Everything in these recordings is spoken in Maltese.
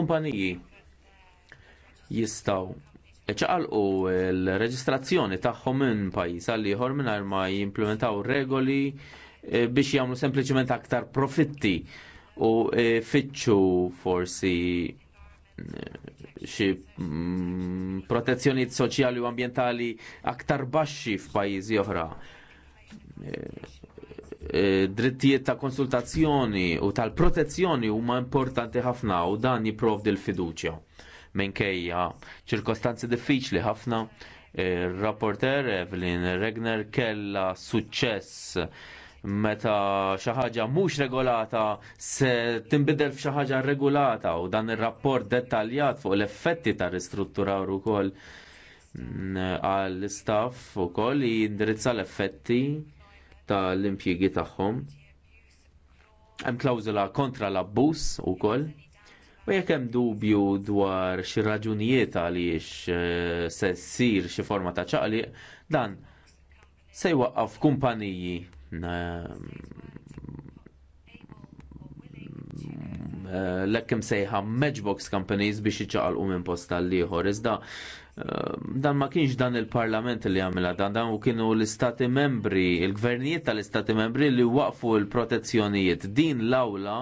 kumpaniji jistaw ċaqalqu l-reġistrazzjoni tagħhom minn pajjiż għal ieħor mingħajr ma jimplementaw regoli eh, biex jagħmlu sempliċement aktar profitti u eh, fitxu forsi eh, xi mm, protezzjoni soċjali u ambjentali aktar baxxi f'pajjiżi oħra Eh, drittijiet ta' konsultazzjoni u tal-protezzjoni huma importanti ħafna u dan jipprovdi l-fiduċja. Minkejja ċirkostanzi diffiċli ħafna, il-rapporter eh, Evelyn Regner kella suċċess meta xi ħaġa mhux regolata se tinbidel f'xi ħaġa regolata u dan ir-rapport dettaljat fuq l-effetti ta' ristrutturar ukoll mm, għall-istaff ukoll jindirizza l-effetti tal-impjiegi tagħhom. Hemm klawżola kontra l-abbuż ukoll. U jekk hemm dubju dwar xi raġunijiet għaliex eh, se ssir xi forma ta' ċaqliq, dan se jwaqqaf kumpaniji eh, eh, l-ekkim sejħa matchbox companies biex iċaqalqu minn posta l-liħor. Iżda Ehm, dan ma kienx dan il-parlament li għamela dan, dan u kienu l-istati membri, il-gvernijiet tal-istati membri li waqfu il-protezzjonijiet. Din l-awla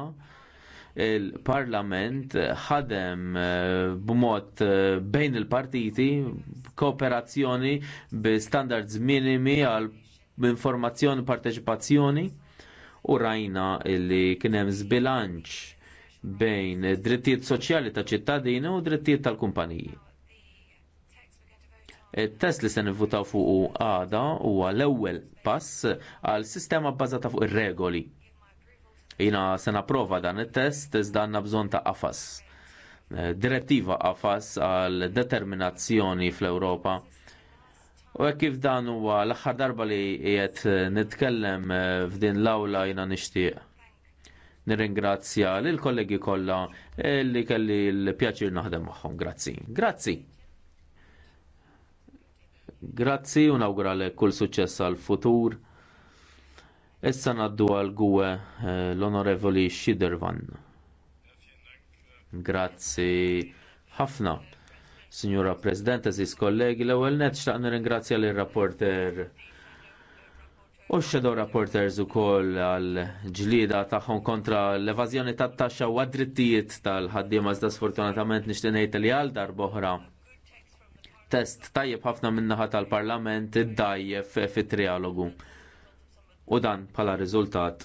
il-parlament ħadem eh, b'mod eh, bejn il-partiti kooperazzjoni bi standards minimi għal informazzjoni parteċipazzjoni u rajna li kienem zbilanċ bejn drittijiet soċjali ta' ċittadini u drittijiet tal-kumpaniji Il-test li se nivvutaw fuq għada huwa l-ewwel pass għal sistema bbażata fuq ir-regoli. Jina se napprova dan it-test iżda għandna bżonn ta' qafas. Eh, direttiva għafas għal determinazzjoni fl-Ewropa. U hekk kif dan huwa l-aħħar darba li jiet nitkellem eh, f'din l-awla jiena nixtieq. Nirringrazzja lill kollegi kollha eh, li kelli l-pjaċir naħdem magħhom. Grazzi. Grazzi. Grazzi u lek kull suċċess għal futur. Issa naddu għal gwe eh, l-onorevoli Shidervan. Grazzi ħafna. Signora President, eżis kollegi, l ewwel net xtaq nirringrazzja l-rapporter u xedo rapporters u koll għal-ġlida taħħon kontra l-evazjoni tat-taxxa u għad-drittijiet tal-ħaddim għazda sfortunatament nishtenejt li għal darboħra test tajjeb ħafna min-naħa tal-Parlament iddajjef fit-trialogu. U dan bħala riżultat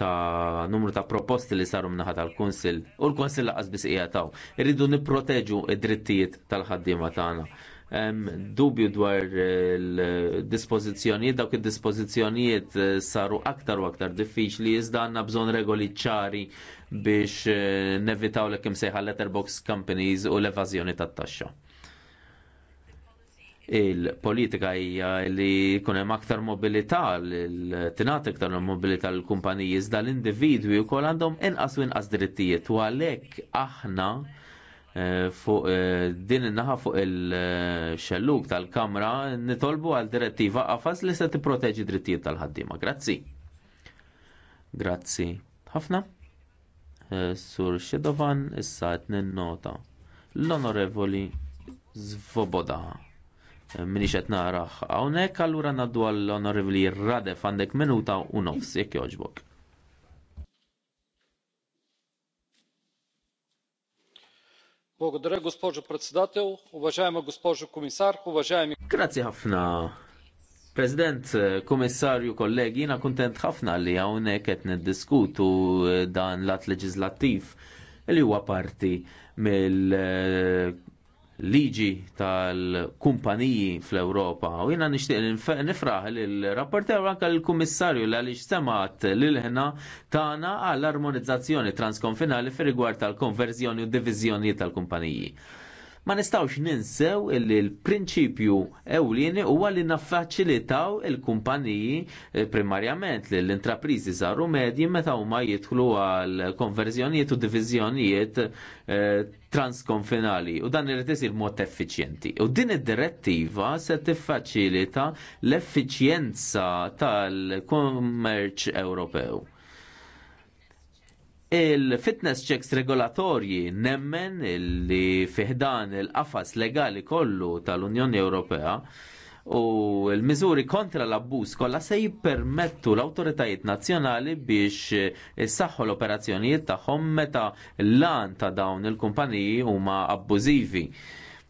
ta' numru ta' proposti li saru minnaħa tal-Kunsil u l-Kunsil laqas bis taw. Irridu nipproteġu id-drittijiet tal-ħaddiema tagħna. Dubju dwar il dispożizzjonijiet dawk id-dispożizzjonijiet eh, saru aktar u aktar diffiċli, iżda għandna bżonn regoli ċari biex eh, nevitaw l-kim sejħa letterbox companies u l evażjoni tat-taxxa il-politika hija li jkun hemm aktar mobilità, tingħat aktar mobilità l kumpaniji iżda l-individwi wkoll għandhom inqas u inqas drittijiet u għalhekk aħna eh, fuq eh, din naħa fuq il-xelluk tal-kamra nitolbu għal direttiva qafas li se tipproteġi drittijiet tal ħaddiema Grazzi. Grazzi. Ħafna. Eh, Sur Xedovan issa qed nota L-Onorevoli Zvoboda. Eh, minix qed naraħ hawnhekk allura ngħaddu għall onorevli Radef għandek minuta u nofs jekk jogħġbok. Благодаря, госпожо председател, уважаема госпожо комисар, уважаеми... Grazie ħafna, President, Komissarju, kollegi, jina kontent ħafna li għawnek qed niddiskutu dan l-att leġislattiv li huwa parti mill liġi tal-kumpaniji fl-Europa. U jina nishtiq nifraħ l-rapporter anka l-kummissarju li għaliex semat l-ħna tana għall-armonizzazzjoni transkonfinali fir rigward tal-konverzjoni u divizjoni tal-kumpaniji ma nistawx ninsew illi l-prinċipju ewlieni huwa li naffaċilitaw il-kumpaniji eh, primarjament li l-intrapriżi zarru medji meta huma jidħlu għal konverżjonijiet u diviżjonijiet eh, transkonfinali u dan irid isir mod effiċjenti. U din id-direttiva se tiffaċilita l-effiċjenza tal-kummerċ Ewropew. Il-fitness checks regolatorji nemmen li fiħdan il-qafas legali kollu tal-Unjoni Ewropea u l-miżuri kontra l-abbuż kollha se jippermettu l-awtoritajiet nazzjonali biex issaħħu l-operazzjonijiet tagħhom meta l-lan ta' dawn il-kumpaniji huma abbużivi.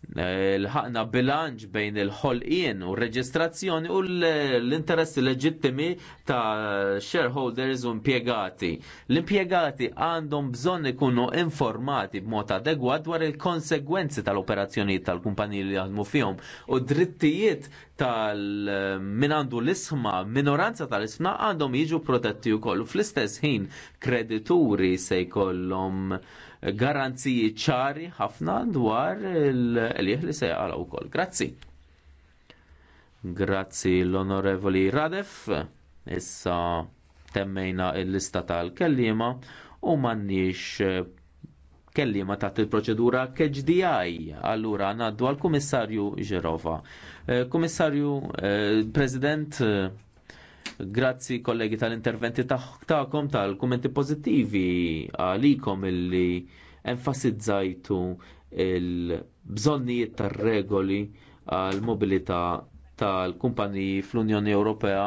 Eh, l-ħakna bilanċ bejn il-ħolqien u reġistrazzjoni u l-interessi leġittimi ta' shareholders u impiegati. L-impiegati għandhom bżonn ikunu informati b'mod adegwat dwar il-konsegwenzi tal-operazzjoni tal-kumpaniji li jaħdmu fihom u drittijiet tal-min għandu l-isma, minoranza tal-isma għandhom jiġu protetti u koll. Fl-istess ħin, kredituri se jkollhom garanziji ċari ħafna dwar il-liħ li sejqala u kol. Grazzi. Grazzi l-onorevoli Radef. Issa temmejna il-lista tal-kellima u mannix eh, kellima taħt il-proċedura KHDI. Allura għanaddu għal-Komissarju Ġerova. Eh, Komissarju, eh, President, Grazzi kollegi tal-interventi tagħkom tal-kummenti pożittivi għalikom illi enfasizzajtu il-bżonnijiet tar-regoli għall mobilità tal-kumpaniji fl-Unjoni Ewropea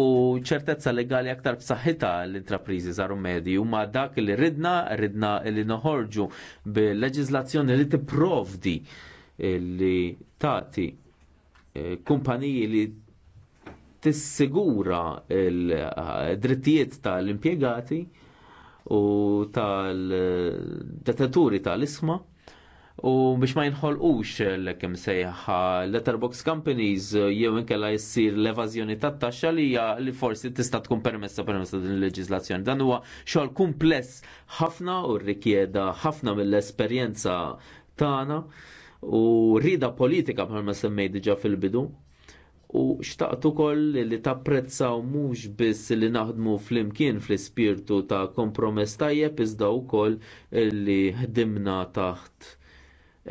u ċertezza legali aktar b'saħħitha l-intrapriżi żaru medji u ma dak li ridna, ridna li noħorġu bil-leġiżlazzjoni li tipprovdi li tagħti eh, kumpaniji li tissigura il-drittijiet tal-impjegati u tal-detaturi tal-isma u biex ma ux l-kem sejħa letterbox companies jew inkella jessir l-evazjoni tat taxxa li hija li forsi tista' tkun permessa permessa din il leġislazzjoni Dan huwa xogħol kumpless ħafna u rrikjeda ħafna mill-esperjenza tagħna u rida politika bħalma semmej diġa fil-bidu u xtaqt ukoll li tapprezzaw mhux biss li naħdmu flimkien fl-ispirtu ta' kompromess tajjeb iżda wkoll li ħdimna taħt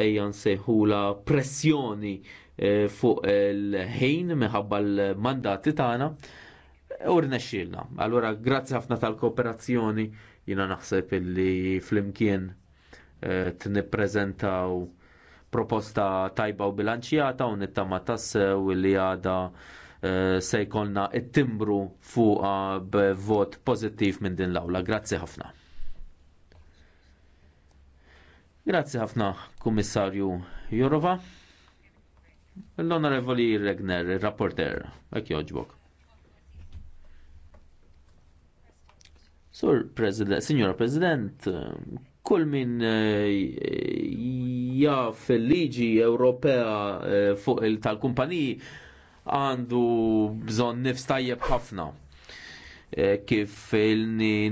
ejja nsejħula pressjoni e, fuq il-ħin minħabba l-mandati tagħna u rnexxielna. Allura grazzi ħafna tal-kooperazzjoni jiena naħseb illi flimkien e, t proposta tajba u bilanċjata u nittama tassew li għada eh, se jkollna it-timbru fuqa b'vot pożittiv minn din l-awla. Grazzi ħafna. Grazzi ħafna, Kummissarju Jurova. L-Onorevoli Regner, il-rapporter, ek joġbok. Sur President, Signora President, kull min eh, ja fil liġi Ewropea eh, fuq tal-kumpaniji għandu bżon nifs tajjeb ħafna eh, kif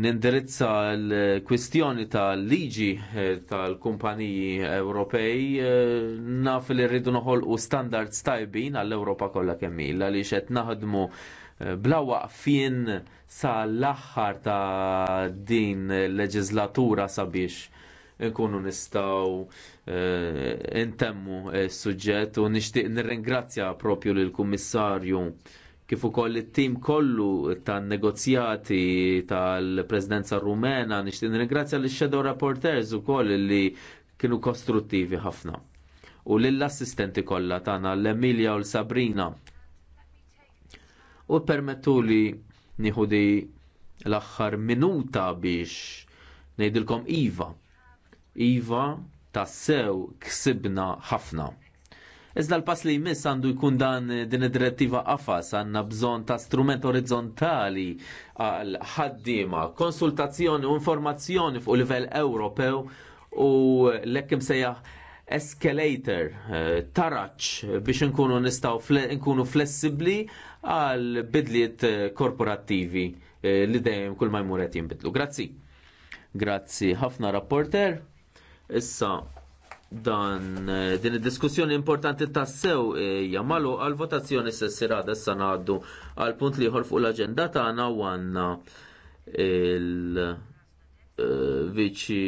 nindirizza l-kwistjoni tal-liġi eh, tal-kumpaniji Ewropej naf li rridu noħolqu standards tajbin għall-Ewropa kollha kemm ilha li qed naħdmu bla waqfien sa l-aħħar ta' din leġislatura sabiex nkunu nistgħu Eh, intemmu s-suġġett u nixtieq nirringrazzja propju lill kummissarju kif ukoll it-tim kollu tan-negozjati tal-Presidenza Rumena nixtieq nirringrazzja l shadow Rapporteurs ukoll li kienu kostruttivi ħafna. U lill-assistenti kollha tagħna l emilja u l-Sabrina. U permettu li nieħu l-aħħar minuta biex ngħidilkom Iva. Iva tassew ksibna ħafna. Iżda l-pass li jmiss għandu jkun dan din id-direttiva qafas għanna bżonn ta' strument orizzontali għal ħaddiema, konsultazzjoni u informazzjoni fuq livell Ewropew u l-ekkim sejjaħ escalator, eh, taraċ biex nkunu nistaw nkunu flessibli għal bidliet eh, korporattivi eh, li dejjem kull ma jmur qed jinbidlu. Grazzi. Grazzi ħafna rapporter. Issa dan din id-diskussjoni importanti tassew eh, jamalu għal votazzjoni s sirada issa ngħaddu għal punt li fuq l-aġenda tagħna u il eh, viċi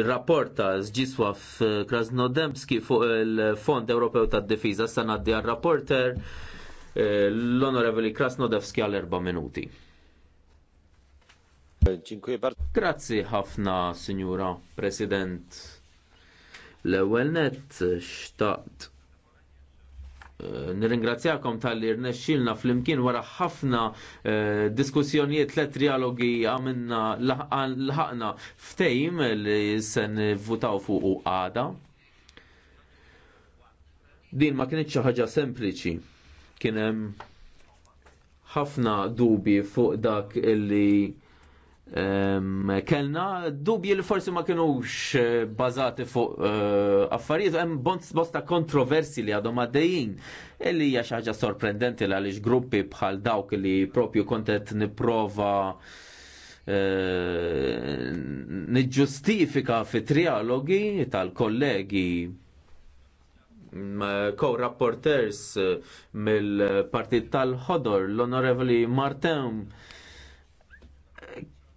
il-rapport ta' Zġiswaf Krasnodemski fuq il-Fond Ewropew tad Difiża sa ngħaddi għal rapporter eh, l-Onorevoli Krasnodemski għal erba' minuti. Grazie ħafna, Signora President. L-ewwel nett xtaqt eh, Nirringrazzjakom tal-li rnexxilna fl-imkien wara ħafna eh, diskussjonijiet tliet trialogi għamilna l-ħakna ftejm li se nivvutaw fuq għada. Din ma kienx xi ħaġa sempliċi. Kien hemm ħafna dubi fuq dak illi Ehm, kellna dubji li forsi ma kienux eh, bazati fuq eh, affarijiet, hemm bosta kontroversi li għadhom għaddejjin. Illi hija xi ħaġa sorprendenti li għaliex gruppi bħal dawk li propju kontet nipprova eh, niġġustifika fi trialogi tal-kollegi mm, co-rapporters mill-partit tal-ħodor l-onorevoli Martin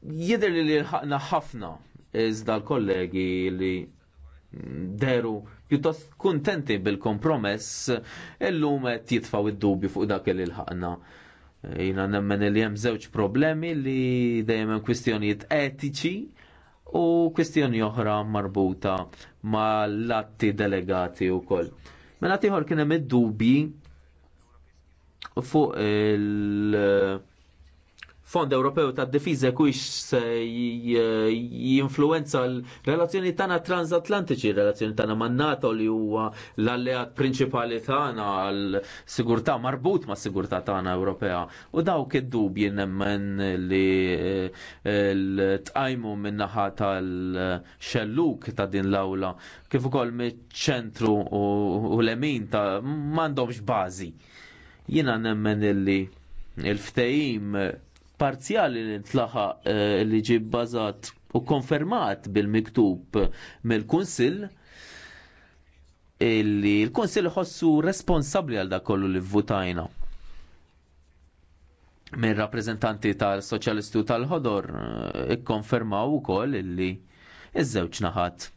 Jider li l-ħakna ħafna iżda l-kollegi li deru pjuttost kuntenti bil-kompromess illum qed jitfaw id-dubju fuq dak li l-ħakna. Jina nemmen li hemm żewġ problemi li dejjem hemm kwistjonijiet etiċi u kwistjoni oħra marbuta ma' l-atti delegati u koll. Mela tiħor kien hemm id-dubji fuq il- Fond Ewropew tad Difiża kux jinfluenza l-relazzjoni tagħna transatlantiċi, relazzjoni tagħna man NATO li huwa l-alleat prinċipali tagħna għal sigurtà marbut ma' sigurtà tagħna Ewropea. U dawk id-dubji nemmen li eh, l-tqajmu min-naħa tal-xelluk ta' din l-awla kif ukoll miċ-ċentru u l-emin ta' m'għandhomx bażi. Jiena nemmen illi il-ftehim parzjali li ntlaħa eh, li ġib bbażat u konfermat bil-miktub mill-Kunsill illi l-Kunsill ħossu responsabbli għal dak kollu li vvutajna minn rappreżentanti tal-Soċjalistu tal-Ħodor eh, ikkonfermaw ukoll illi iż-żewġ naħat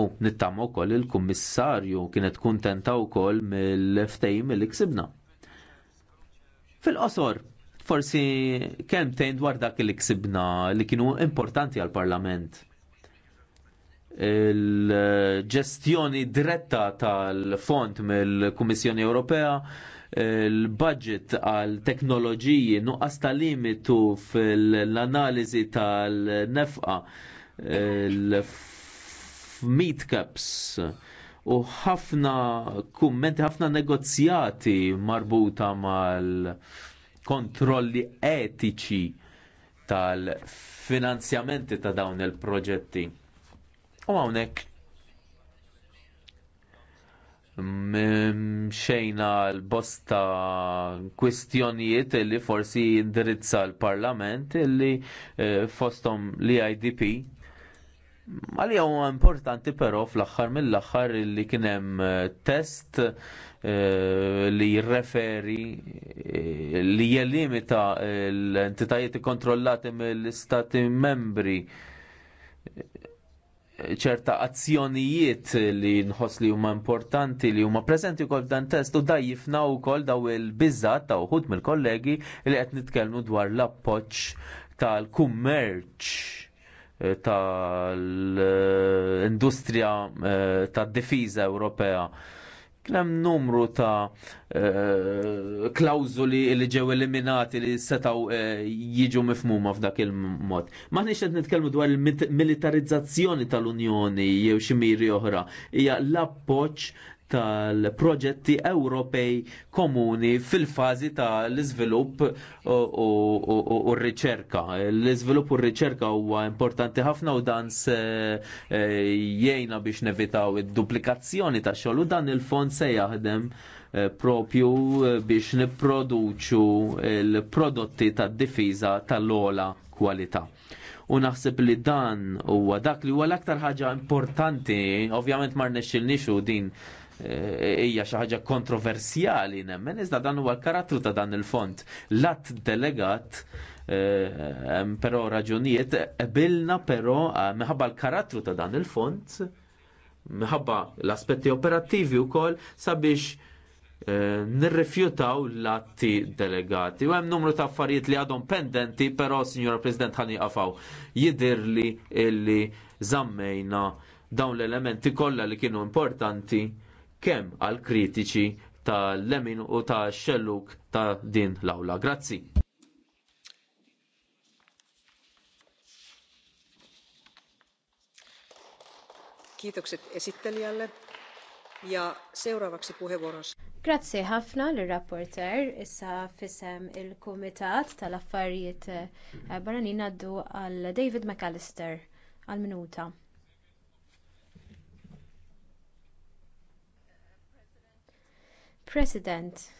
u nittam ukoll il-kummissarju kienet kuntenta wkoll mill-ftejim li ksibna. Fil-qosor, Forsi tejn dwar dak li ksibna li kienu importanti għal-Parlament il-ġestjoni diretta tal font mill-Kummissjoni Ewropea, il-budget għal teknoloġiji nuqqas tal-limitu fil-analizi tal-nefqa il caps. u ħafna kummenti, ħafna negozjati marbuta mal- kontrolli etiċi tal-finanzjamenti ta' dawn il-proġetti. U hawnhekk xejna l-bosta kwistjonijiet li forsi indirizza l-Parlament li eh, fosthom li idp Għalli għu importanti però fl-aħħar mill-aħħar li kien hemm eh, test eh, li jirreferi eh, li jelimita l-entitajiet kontrollati mill-istati membri ċerta azzjonijiet li nħoss li huma importanti li huma preżenti wkoll dan test u da jifna wkoll daw il bizzat ta' uħud mill-kollegi li qed nitkellmu dwar l-appoġġ tal-kummerċ tal-industrija eh, tad-difiża Ewropea hemm numru ta' eh, klawżuli klawzuli li ġew eliminati li setgħu eh, jiġu mifmuma f'dak il-mod. Maħniex qed nitkellmu dwar il-militarizzazzjoni tal-Unjoni jew xi miri oħra, hija l-appoġġ tal-proġetti Ewropej komuni fil-fazi tal-iżvilupp u r-riċerka. L-iżvilupp u r-riċerka huwa importanti ħafna u dan se e, jgħina biex nevitaw id-duplikazzjoni ta' xogħol u dan il-fond se jaħdem e, propju e, biex nipproduċu l prodotti tad-difiża tal-ola kwalità u naħseb li dan huwa dak li huwa l-aktar ħaġa importanti, ovvjament ma rnexxilniex u din hija xi ħaġa kontroversjali nemmen, iżda dan huwa l-karattru ta' dan il-fond. L-att delegat eh, però raġunijiet qabilna però eh, minħabba l-karattru ta' dan il-fond minħabba l-aspetti operattivi wkoll sabiex eh, nirrifjutaw l-atti delegati. U hemm numru ta' affarijiet li għadhom pendenti, però, Signora President, ħani għafaw jidirli illi zammejna dawn l-elementi kollha li kienu importanti kemm għal kritiċi ta' lemin u ta' xelluk ta' din l-awla. Grazzi. Kiitokset esittelijalle. Ja seuraavaksi puheenvuoros. Grazzi ħafna l rapporter issa fisem il-Kumitat tal-Affarijiet eh, Barranin għaddu għal David McAllister għal minuta. President,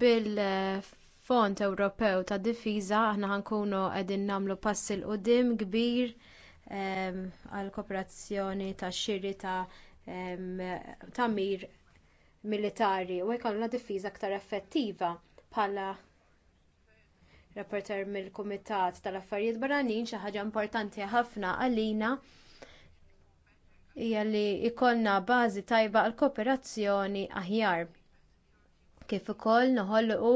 bil-Fond Ewropew tad Difiża aħna ħankunu qegħdin nagħmlu passi l quddiem kbir ehm, għall kooperazzjoni tax-xiri ta' tagħmir ehm, militari u jkollna difiża aktar effettiva bħala rapporter mill-Kumitat tal-Affarijiet Barranin xi ħaġa importanti ħafna għalina hija li jkollna bażi tajba għal kooperazzjoni aħjar kif ukoll noħolqu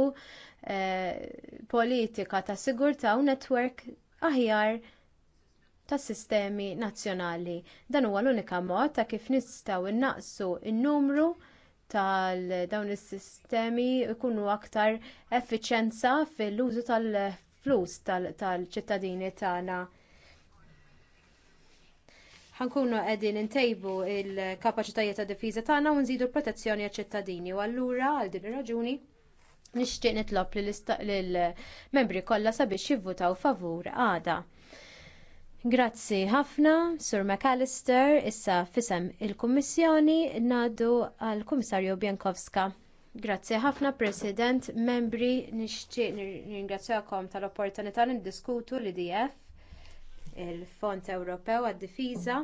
eh, politika ta' sigurtà u netwerk aħjar tas sistemi nazzjonali. Dan huwa l-unika mod ta' kif nistgħu innaqsu n-numru tal dawn is-sistemi jkunu aktar effiċjenza fil-użu tal-flus tal-ċittadini tagħna ħankunu qegħdin intejbu l-kapaċitajiet ta' difiża tagħna u nżidu l-protezzjoni għaċ-ċittadini u allura għal din ir-raġuni nixtieq nitlob lill-membri kollha sabiex jivvutaw favur għada. Grazzi ħafna, Sur McAllister, issa fisem il-Kummissjoni ngħaddu għall kummissarju Bjankowska. Grazzi ħafna President, membri nixtieq nirringrazzjakom tal-opportunità niddiskutu l-IDF il-Fond Ewropew għad-Difiża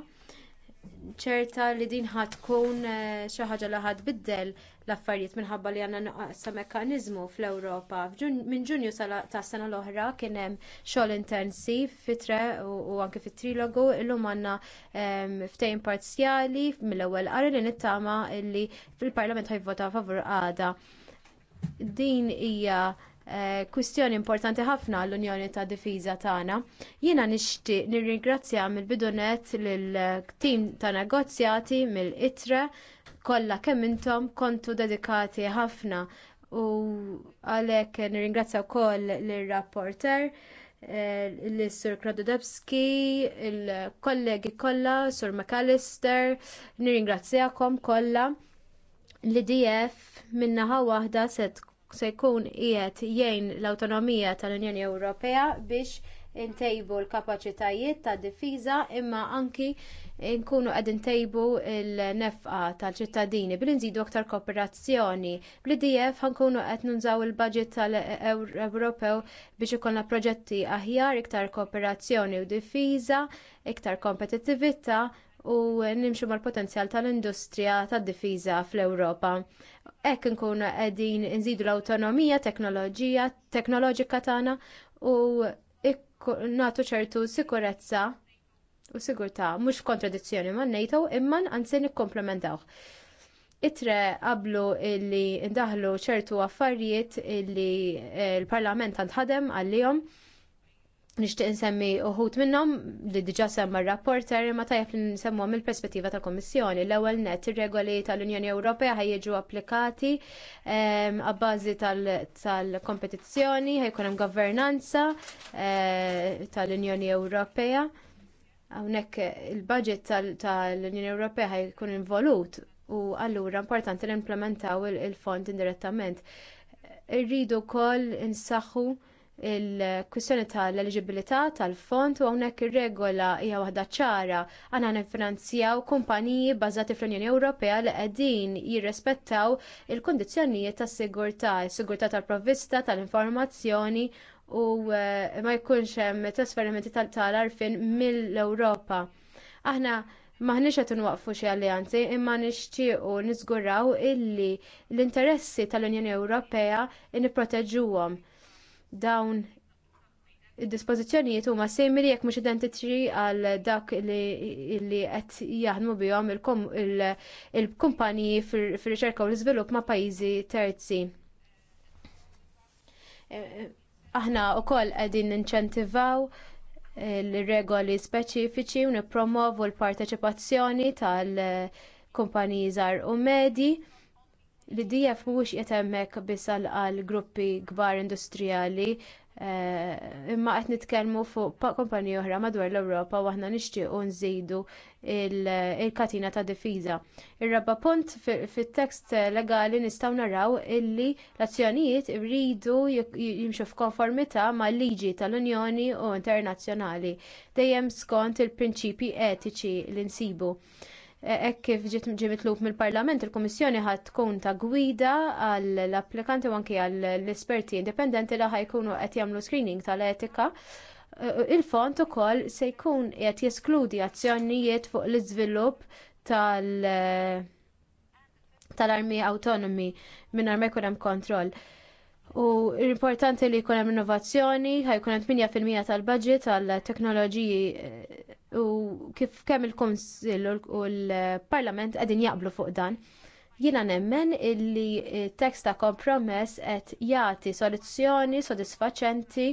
ċerta li din ħatkun eh, xi ħaġa li ħadd biddel l-affarijiet minħabba li għandna naqsa mekkaniżmu fl-Ewropa. Minn Ġunju tas sena l-oħra kien hemm xogħol intensiv fitre u anke fit-trilogu illum għandna ehm, ftehim parzjali mill-ewwel qari li nittama li fil-Parlament ħajvota favur għada. Din hija Eh, kwistjoni importanti ħafna l-Unjoni ta' Difiża tagħna. Jiena nixtieq nirringrazzja mill-bidunet lill-tim ta' negozjati mill-ITRE kollha kemm intom kontu dedikati ħafna u għalhekk nirringrazzja wkoll lir-rapporter eh, l-Sur Kradudebski, il-kollegi kollha, Sur McAllister, nirringrazzjakom kollha l-IDF minnaħa waħda se tkun se jkun qiegħed jgħin l-awtonomija tal-Unjoni Ewropea biex intejbu l-kapaċitajiet tad-difiża imma anki nkunu qed intejbu l-nefqa tal-ċittadini billi nżidu aktar kooperazzjoni. Bl-IDF ħankunu qed nużaw il-budget tal-Ewropew biex ikollna proġetti aħjar iktar kooperazzjoni u difiża, iktar kompetittività u nimxu mal-potenzjal tal-industrija tad-difiża fl-Ewropa. Hekk inkunu qegħdin inżidu l-awtonomija teknoloġija teknoloġika tagħna u nagħtu ċertu sikurezza u sigurtà mhux kontradizzjoni man NATO imma anzi nikkomplementaw. Itre qablu illi indaħlu ċertu affarijiet illi eh, l-Parlament għandħadem għalihom nixtieq insemmi uħud minnhom li diġa' semma r-rapporter imma tajjeb li nsemmuhom mill-perspettiva tal-Kummissjoni. L-ewwel nett ir-regoli tal-Unjoni Ewropea jiġu applikati ehm, għabbażi tal-kompetizzjoni, ħajkun hemm governanza eh, tal-Unjoni Ewropea. Hawnhekk il-budget tal-Unjoni Ewropea ħajkun involut u allura importanti li implementaw il-fond indirettament. Irridu wkoll insaħħu il-kwistjoni tal-eliġibilità tal-fond u hawnhekk ir-regola hija waħda ċara għandna niffinanzjaw kumpaniji bbażati fl-Unjoni Ewropea li qegħdin jirrispettaw il-kundizzjonijiet tas-sigurtà, is-sigurtà tal-provvista tal-informazzjoni u eh, ma jkunx hemm trasferimenti tal-arfin mill-Ewropa. Aħna maħniex qed nwaqfu xi alleanzi imma nixtiequ niżguraw illi l-interessi tal-Unjoni Ewropea nipproteġuhom dawn id-dispożizzjonijiet huma simili jekk mhux identiċi għal dak li qed jaħdmu bihom il-kumpaniji fir-riċerka u l-iżvilupp ma' pajjiżi terzi. E, e, aħna wkoll qegħdin ninċentivaw il-regoli speċifiċi u nippromovu l-parteċipazzjoni tal-kumpaniji żgħar u medji L-DF mhuwiex qed hemmhekk biss għal gruppi kbar industrijali eh, imma qed nitkellmu fuq kompanji oħra madwar l-Ewropa u aħna nixtiequ nżidu il-katina ta' difiża. Ir-raba punt fit-tekst legali nistgħu naraw illi l-azzjonijiet iridu jimxu f'konformità mal liġi tal-Unjoni u internazzjonali dejjem skont il-prinċipji etiċi li nsibu. E- ek kif ġiet mitlub mill-Parlament, il-Kummissjoni ħat tkun ta' gwida għall-applikanti u anke għall-esperti indipendenti li ħajkunu qed jagħmlu screening tal-etika. E- e- Il-fond ukoll se jkun qed jeskludi azzjonijiet fuq l-iżvilupp tal- armi autonomi minn armi hemm kontroll. U importanti li jkun hemm innovazzjoni, ħajkun hemm 8% tal-budget għal teknoloġiji eh, u kif kemm il-Kunsill u l-Parlament qegħdin jaqblu fuq dan. Jiena nemmen illi t-tekst ta' kompromess qed jagħti soluzzjoni sodisfaċenti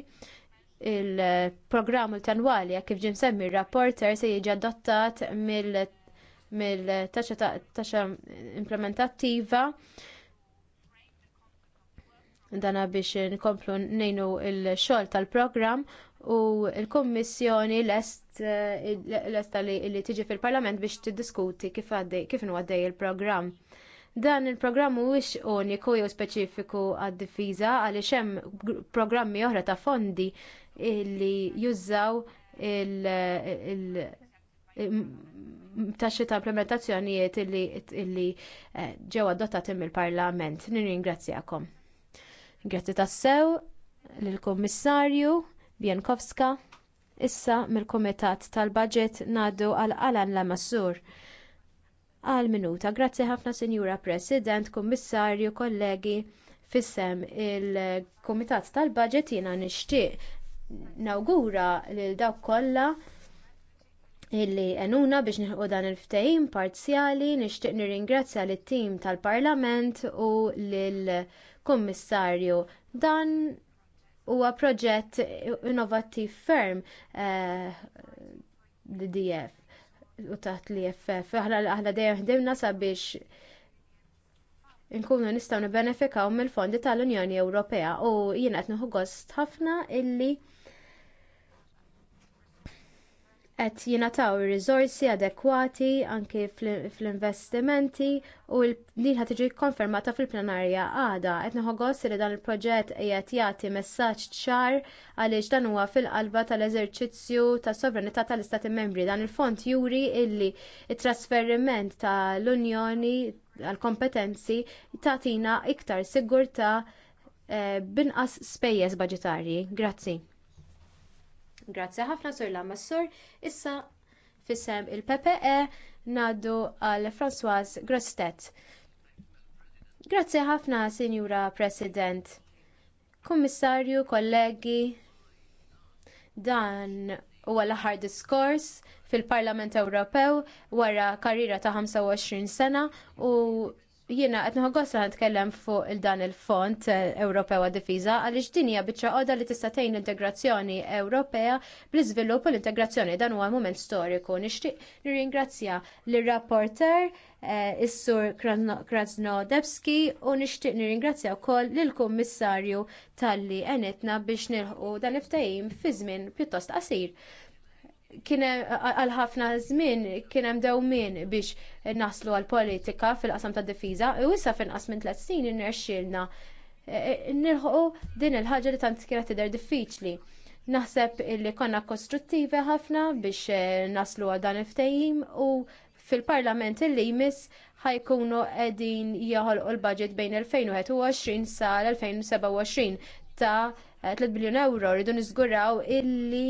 il-programm ultanwali kif ġim semmi rapporter se jiġi adottat mill-taxxa implementattiva dana biex nkomplu nejnu il-xol tal-program u l-Kommissjoni l-est li tiġi fil-Parlament biex tiddiskuti kif għaddej il-program. Dan il-programm mhuwiex uniku jew speċifiku għad-difiża għaliex hemm programmi oħra ta' fondi li jużaw il- taxxi ta' implementazzjonijiet illi eh, ġew adottati mill-Parlament. Nirringrazzjakom. Grazzi tassew lill-Kummissarju Bjankowska. Issa mill-Kumitat tal-Baġit ngħaddu għal Alan Lamassur. Għal minuta, grazzi ħafna Sinjura President, Kummissarju, kollegi, fissem il-Kumitat tal-Baġit jiena nixtieq nawgura lil dawk kollha illi għenuna biex nilħu dan il-ftehim parzjali nixtieq nirringrazzja lit tim tal-Parlament u lil Kummissarju, dan huwa proġett innovattiv ferm eh, DDF u taħt li FF. Aħna dejjem ħdimna sabiex inkunu nistgħu nibbenefikaw mill-fondi tal-Unjoni Ewropea u jien qed gost ħafna illi qed jingħataw ir-riżorsi adekwati anke fl-investimenti u li ħad tiġi kkonfermata fil-plenarja għada qed nħogost li dan il-proġett qiegħed jagħti messaġġ ċar għaliex dan huwa fil-qalba tal-eżerċizzju tas-sovranità tal-Istati Membri. Dan il-fond juri illi t trasferiment tal-Unjoni għall kompetenzi tagħtina iktar sigurtà eh, binqas spejjeż baġitarji. Grazzi. Grazzi ħafna sur la massur. Issa fissem il-PPE ngħaddu għal Françoise Grostet. Grazzi ħafna, Sinjura President. Kummissarju, kollegi, dan huwa l-aħħar diskors fil-Parlament Ewropew wara karriera ta' 25 sena u jiena qed nħoggosra nitkellem fuq il-dan il-Fond eh, Ewropew għad-Difiża għaliex din hija għoda li tista' tgħin l-integrazzjoni Ewropea bl-iżvilupp u l-integrazzjoni dan huwa mument storiku. Nixtieq nirringrazzja lir-rapporter eh, is-sur Krasnodebski u nixtieq nirringrazzja wkoll lill-Kummissarju talli għenitna biex nilħqu dan il fi żmien pjuttost qasir kien għal ħafna żmien kien hemm dewmien biex naslu għal politika fil-qasam tad difiża u issa finqas minn tliet snin innexxielna e, e, nilħu din il-ħaġa li tant kienet tidher diffiċli. Naħseb li konna kostruttivi ħafna biex e, naslu għal dan il-ftehim u fil-parlament illi jmiss ħajkunu qegħdin jaħolqu l-budget bejn 2021 sa l-2027 ta' 3 biljun euro rridu niżguraw illi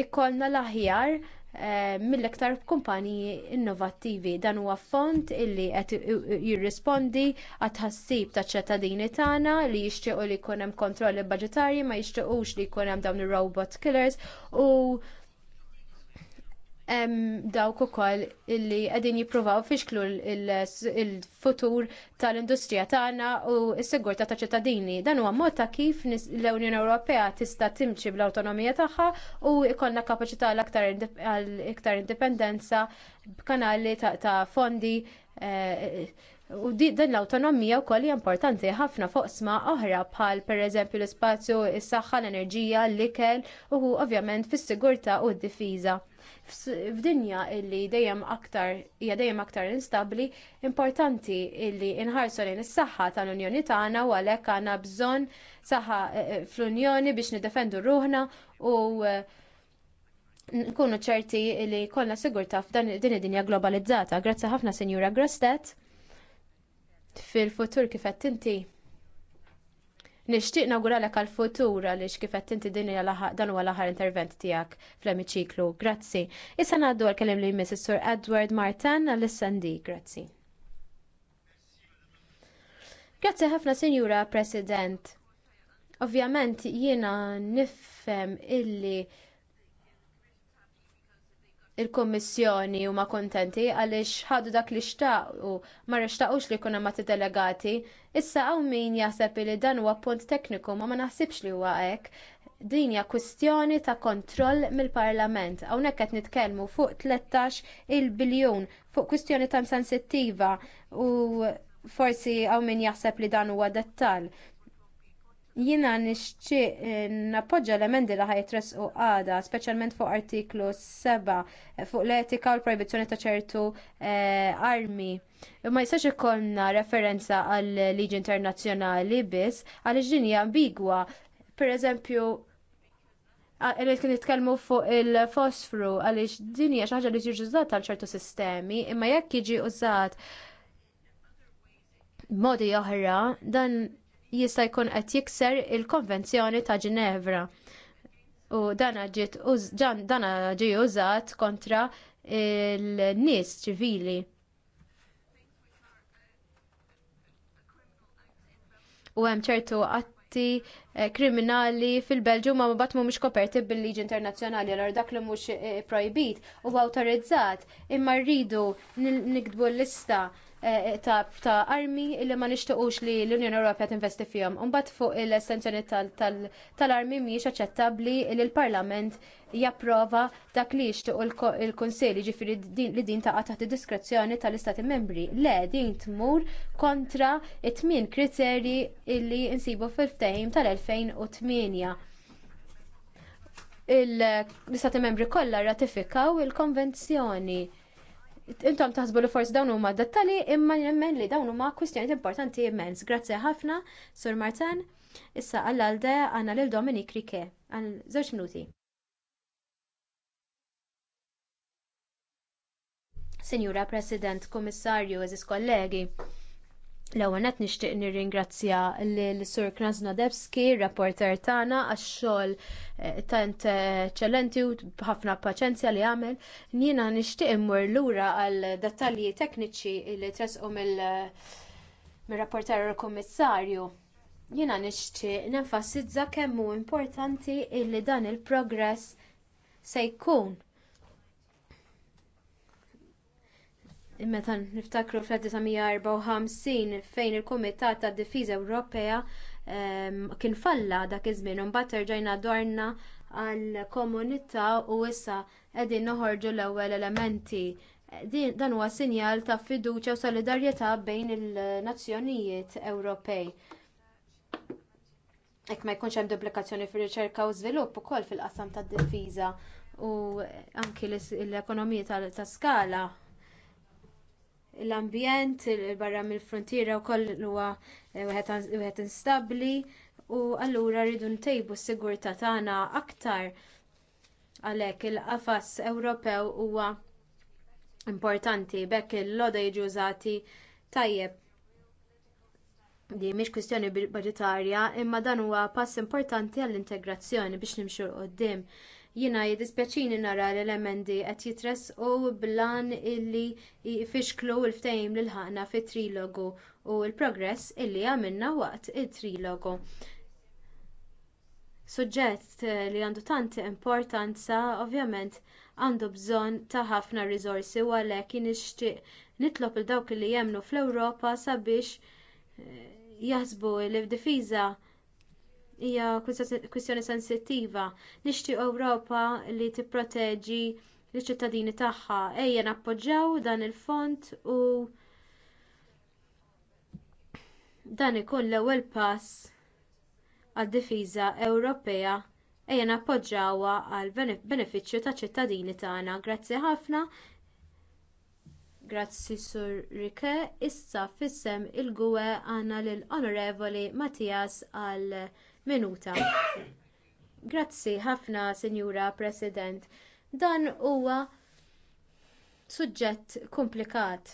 Ikollna l-aħjar eh, mill-iktar kumpaniji innovattivi. Dan huwa fond illi qed jirrispondi għat ħassib taċ ċittadini tagħna li jixtiequ li jkun hemm kontrolli budgetarji ma jixtiequx li jkun hemm dawn ir-robot killers u hemm dawk ukoll illi qegħdin jippruvaw fixklu il-futur tal-industrija tagħna u s sigurta ta' ċittadini. Dan huwa mod ta' kif l-Unjoni Ewropea tista' timxi bl-awtonomija tagħha u jkollna kapaċità għal iktar indipendenza b'kanali ta' fondi eh, U din l-autonomija wkoll hija importanti ħafna foqsma oħra bħal pereżempju l-ispazju, is-saħħa, l-enerġija, l-ikel u ovvjament fis-sigurtà u d-difiża. F'dinja illi dejjem aktar hija dejjem aktar instabbli, importanti illi inħarsu lejn is-saħħa tal-Unjoni tagħna u għalhekk għandna bżonn saħħa eh, eh, fl-Unjoni biex nidefendu ruħna u eh, nkunu ċerti li kollna sigurtà f'din id-dinja globalizzata. Grazzi ħafna, Sinjura Grostet. Fil-futur kif qed inti Nixtieq nawguralek għal futur għaliex kif qed inti din dan huwa l-aħħar intervent tiegħek fl-emiċiklu. Grazzi. Issa ngħaddu għal-kelim li jmiss sur Edward Martin għall-Sandi. Grazzi. Grazzi ħafna, Sinjura President. Ovvjament jiena nifhem illi il-Kommissjoni huma kuntenti għaliex ħadu dak li xtaqu ma rixtaqux li jkun hemm delegati. Issa hawn min jaħseb li dan huwa punt tekniku ma ma naħsibx li huwa hekk. Din hija kwistjoni ta' kontroll mill-Parlament. Hawnhekk qed nitkellmu fuq 13 il-biljun fuq kwistjoni ta' sensittiva u forsi hawn min jaħseb li dan huwa dettall. Jiena nixtieq eh, nappoġġa l-emendi li ħajtresqu għada, speċjalment fuq artiklu 7 fuq l-etika u l-proibizzjoni ta' ċertu eh, armi. Ma jistax ikollna referenza għal liġi internazzjonali biss għaliex din hija ambigwa. Pereżempju, Għalli kien nitkellmu fuq il-fosfru għaliex din hija xi ħaġa li tiġi użat għal ċertu sistemi, imma jekk jiġi użat b'modi oħra, dan jista' jkun qed jikser il-Konvenzjoni ta' Ginevra. U dan ġiet ġie użat kontra il-nies ċivili. U hemm ċertu atti eh, kriminali fil belġju ma mbagħad mhumiex koperti bil-liġi internazzjonali għal dak li mhux eh, projbit u awtorizzat imma rridu nikdbu l-lista Eh, ta' armi li ma nixtiequx li l-Unjoni Ewropea tinvesti fihom. Imbagħad fuq l estenzjoni tal-armi mhijiex aċċettabbli li l-Parlament japprova dak li jixtieq il-Kunsill jiġifieri li din taqa' taħt id-diskrezzjoni tal-Istati Membri. Le din tmur kontra t tmien kriterji li insibu fil-ftehim tal-2008 l istati membri kollha rratifikaw il-konvenzjoni intom taħsbu li forsi dawn huma dettali imma nemmen li dawn huma kwistjonijiet importanti immens. Grazzi ħafna, Sur Martin. Issa għall-għalde għanna lil Dominik Rike. Għan żewġ minuti. Sinjura President, Kummissarju, eżis kollegi, L-ewwel qed nixtieq nirringrazzja lil Sur Krasnodebski, rapporter tagħna għax-xogħol eh, tant eh, eċċellenti u b'ħafna paċenzja li għamel. Jiena nixtieq immur lura għal dettalji tekniċi li tresqu mill eh, rapporter u l-kummissarju. Jiena nixtieq nenfasizza kemm hu importanti li dan il-progress se jkun meta niftakru fl-1954 fejn il-Kumitat tad Difiża Ewropea ehm, kien falla dak iż-żmien u mbagħad terġajna dwarna għall komunità u issa qegħdin noħorġu l-ewwel elementi. Dan huwa sinjal ta' fiduċja u solidarjetà bejn il-nazzjonijiet Ewropej. Hekk ma jkunx hemm duplikazzjoni fir-riċerka u żvilupp ukoll fil-qasam tad-difiża u anki l-ekonomija ta' skala l-ambjent barra mill-frontiera wkoll huwa eh, wieħed instabbli u allura rridu ntejbu s-sigurtà tagħna aktar għalhekk il-qafas Ewropew huwa importanti b'hekk il-loda jiġu użati tajjeb li mhix kwistjoni budġetarja imma dan huwa pass importanti għall-integrazzjoni biex nimxu l qudiem Jiena jiddispjaċini nara l-elementi qed jitressqu blan illi jfixklu l-ftehim li ħana fit-trilogu u l-progress illi għamilna waqt it-trilogu. Suġġett li għandu tant importanza ovvjament għandu bżonn ta' ħafna riżorsi u għalhekk nixtieq nitlob il dawk li jemnu fl-Ewropa sabiex eh, jaħsbu li f-difiża hija kwistjoni sensittiva. Nixtieq Ewropa li tipproteġi l ċittadini tagħha. Ejja nappoġġjaw dan il-fond u dan ikun l-ewwel pass għad-difiża Ewropea ejja nappoġġjawha għal benefiċċju taċ ċittadini tagħna. Grazzi ħafna. Grazzi Sur Rike, issa fissem il-gwe għandna lill onorevoli Mattias għal minuta. Grazzi ħafna, Sinjura President. Dan huwa suġġett komplikat.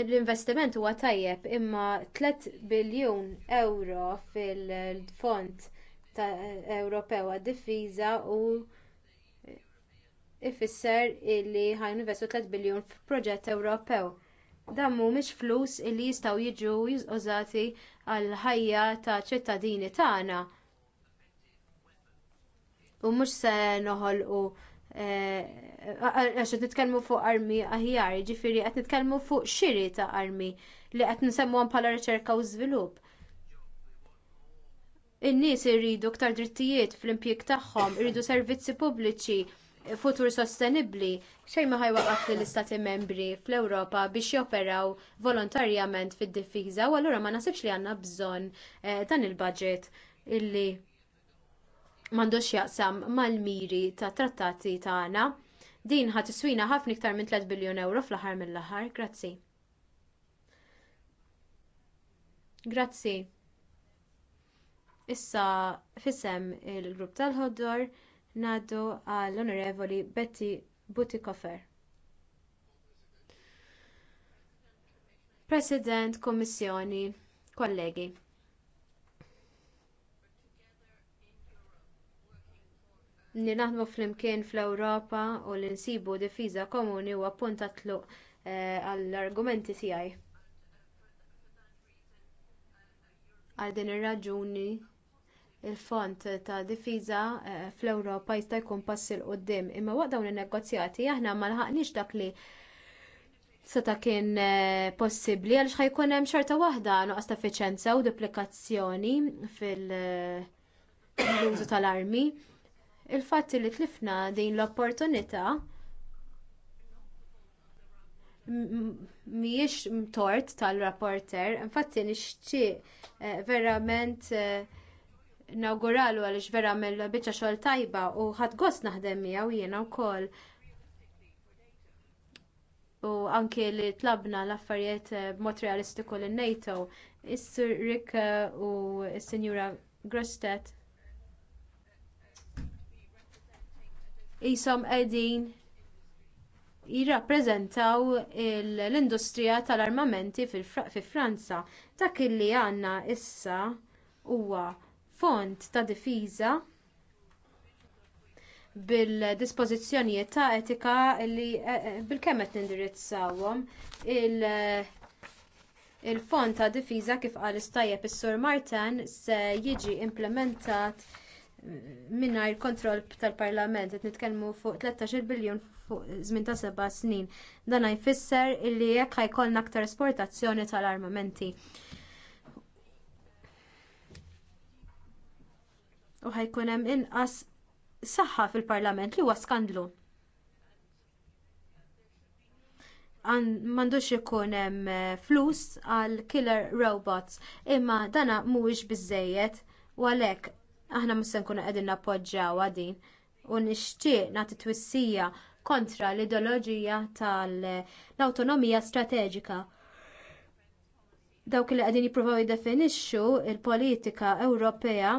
L-investiment huwa tajjeb imma 3 biljun euro fil-fond Ewropew għad-difiża u ifisser illi investu 3 biljun f'proġett Ewropew Dan mhumiex flus li jistgħu jiġu użati għal ħajja ta' ċittadini tagħna. U mhux se noħolqu eh, għax nitkellmu fuq armi aħjar, jiġifieri qed nitkellmu fuq xiri ta' armi li qed nsemmuhom bħala riċerka u żvilupp in-nies iridu iktar drittijiet fl-impjieg tagħhom, iridu servizzi pubbliċi, futur sostenibbli xejn ma ħajwaqaf lill istati membri fl-Ewropa biex joperaw volontarjament fid-difiża u allura ma nasibx li għandna bżonn eh, dan il-budget illi m'għandux jaqsam mal-miri tat trattati tagħna. Din ħat iswina ħafna iktar minn 3 biljun euro fl-aħħar mill-aħħar. Grazzi. Grazzi. Issa fisem il-grupp tal-ħodor ngħaddu għall-onorevoli Betty Butikofer. President, Kummissjoni, kollegi. Li naħdmu flimkien fl-Ewropa u li nsibu difiża komuni huwa punt ta' tluq eh, għall-argumenti tiegħi. Għal din ir-raġuni il-fond ta' difiża eh, fl-Ewropa jista' jkun pass il quddiem imma waqt dawn in-negozjati aħna ma laħaqniex dak li seta kien eh, possibbli għaliex jkun hemm xorta waħda nuqqas ta' effiċenza u duplikazzjoni fil-użu eh, tal-armi. Il-fatt li tlifna din l-opportunità mhijiex tort tal-rapporter, infatti nixtieq verament nawguralu għaliex vera mill biċċa xogħol tajba u ħadd gost naħdem miegħu jiena wkoll. U anke li tlabna l-affarijiet eh, b'mod realistiku lin nato Is-Sur Rick eh, u s-Sinjura Grostet. Isom qegħdin jirrappreżentaw l-industrija tal-armamenti fi Franza. Dak li għandna issa huwa fond ta' difiża bil-dispożizzjonijiet ta' etika li eh, eh, bilkemm qed nindirizzawhom il-fond ta' difiża kif qal istajjeb is-sur Martin se jiġi implementat mingħajr kontroll tal-Parlament qed nitkellmu fuq 13 biljun fuq żmien ta' seba' snin. Dan jfisser li jekk ħajkollna aktar esportazzjoni tal-armamenti. u ħajkun hemm inqas saħħa fil-Parlament li huwa skandlu. M'għandux ikun hemm eh, flus għal killer robots imma dana mhuwiex biżżejjed u għalhekk aħna mhux se nkunu qegħdin nappoġġjaw din u nixtieq nagħti twissija kontra l-ideoloġija tal-awtonomija eh, strateġika dawk li qegħdin jippruvaw jiddefinixxu l politika Ewropea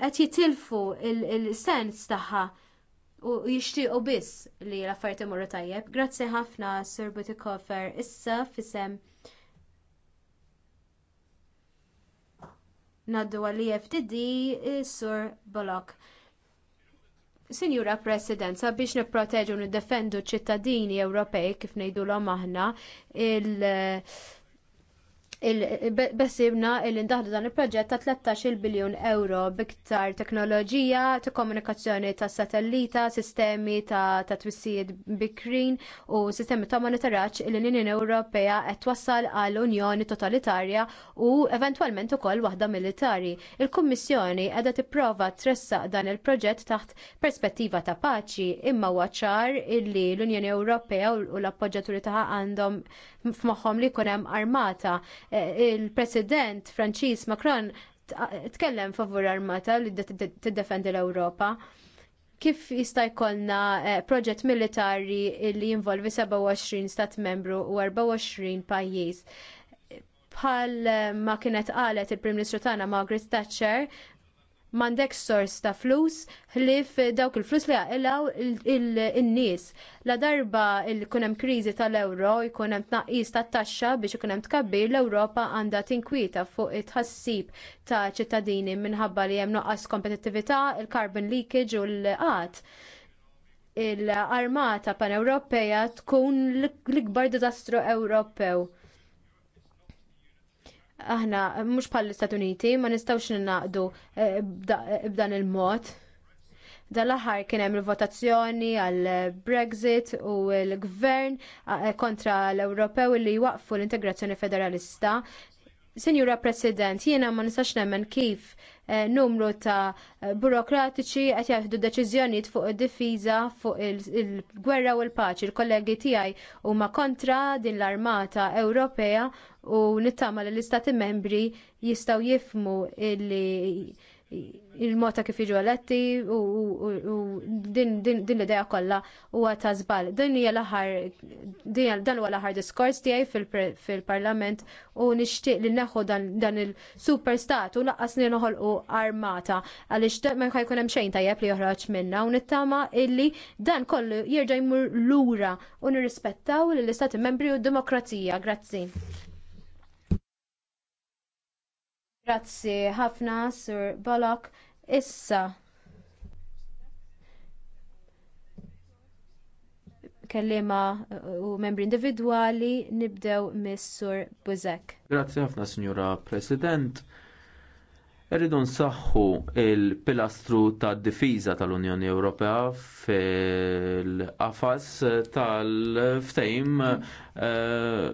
qed jitilfu il-sens tagħha u jixtiequ biss li l-affarijiet imorru tajjeb. Grazzi ħafna Sir Butikofer issa fisem naddu għalli e FTD Sur Bolok. Sinjura President, sabiex nipproteġu u niddefendu ċittadini Ewropej kif ngħidulhom aħna il- besibna il ndaħdu dan il-proġett ta' 13 biljun euro biktar teknoloġija, ta' komunikazzjoni ta' satellita, sistemi ta' twissijiet bikrin u sistemi ta' monitoraċ li l-Unjoni Ewropea qed wassal għal Unjoni totalitarja u eventwalment ukoll waħda militari. Il-Kummissjoni qiegħda tipprova tressaq dan il-proġett taħt perspettiva ta' paċi imma waċar ċar illi l-Unjoni Ewropea u l-appoġġaturi tagħha għandhom f'moħħom li jkun hemm armata. E, Il-President Franċis Macron tkellem favur armata li tiddefendi l-Ewropa kif jista' jkollna e, proġett militari li jinvolvi 27 stat membru u 24 pajjiż. Bħal ma kienet qalet il-Prim Ministru tagħna Margaret Thatcher m'għandek sors ta' flus ħlief dawk il-flus li għaqilaw il-nies. La darba jkun hemm kriżi tal-euro, jkun hemm tnaqqis tat taxxa biex ikun hemm tkabbir l-Ewropa għandha tinkwieta fuq it-ħassib ta' ċittadini minħabba li hemm noqqas kompetittività, il-carbon leakage u l-qat il-armata pan Ewropeja tkun l-ikbar disastru Ewropew aħna mhux l-Istat Uniti ma nistgħux ninnaqdu eh, eh, b'dan il-mod. Dan l-aħħar kien hemm il-votazzjoni għal Brexit u l-gvern eh, kontra l-Ewropew li jwaqfu l-integrazzjoni federalista. Sinjura President, jiena ma nistax nemmen kif numru ta' burokratiċi qed jaħdu deċiżjonijiet fuq id-difiża fuq il-gwerra u l-paċi. Il-kollegi tiegħi huma kontra din l-Armata Ewropea u nittama li l-istati membri jistgħu jifmu illi il mota kif jiġu għaletti u din l-idea kollha huwa ta' żball. Din hija l dan huwa l-aħħar diskors tiegħi fil-Parlament u nixtieq li neħu dan il-superstat u laqqas li noħolqu armata għaliex ma jkun hemm xejn tajjeb li joħroġ minna u nittama illi dan kollu jerġa' jmur lura u nirrispettaw lill istati membri u d-demokrazija. Grazzi. Grazzi ħafna, Sur Balak. Issa, kellima uh, u membri individwali nibdew mis-sur Buzek. Grazzi ħafna, Sinjura President. Irridu nsaħħu l pilastru tad difiża tal-Unjoni Ewropea fil-qafas tal-ftejm eh,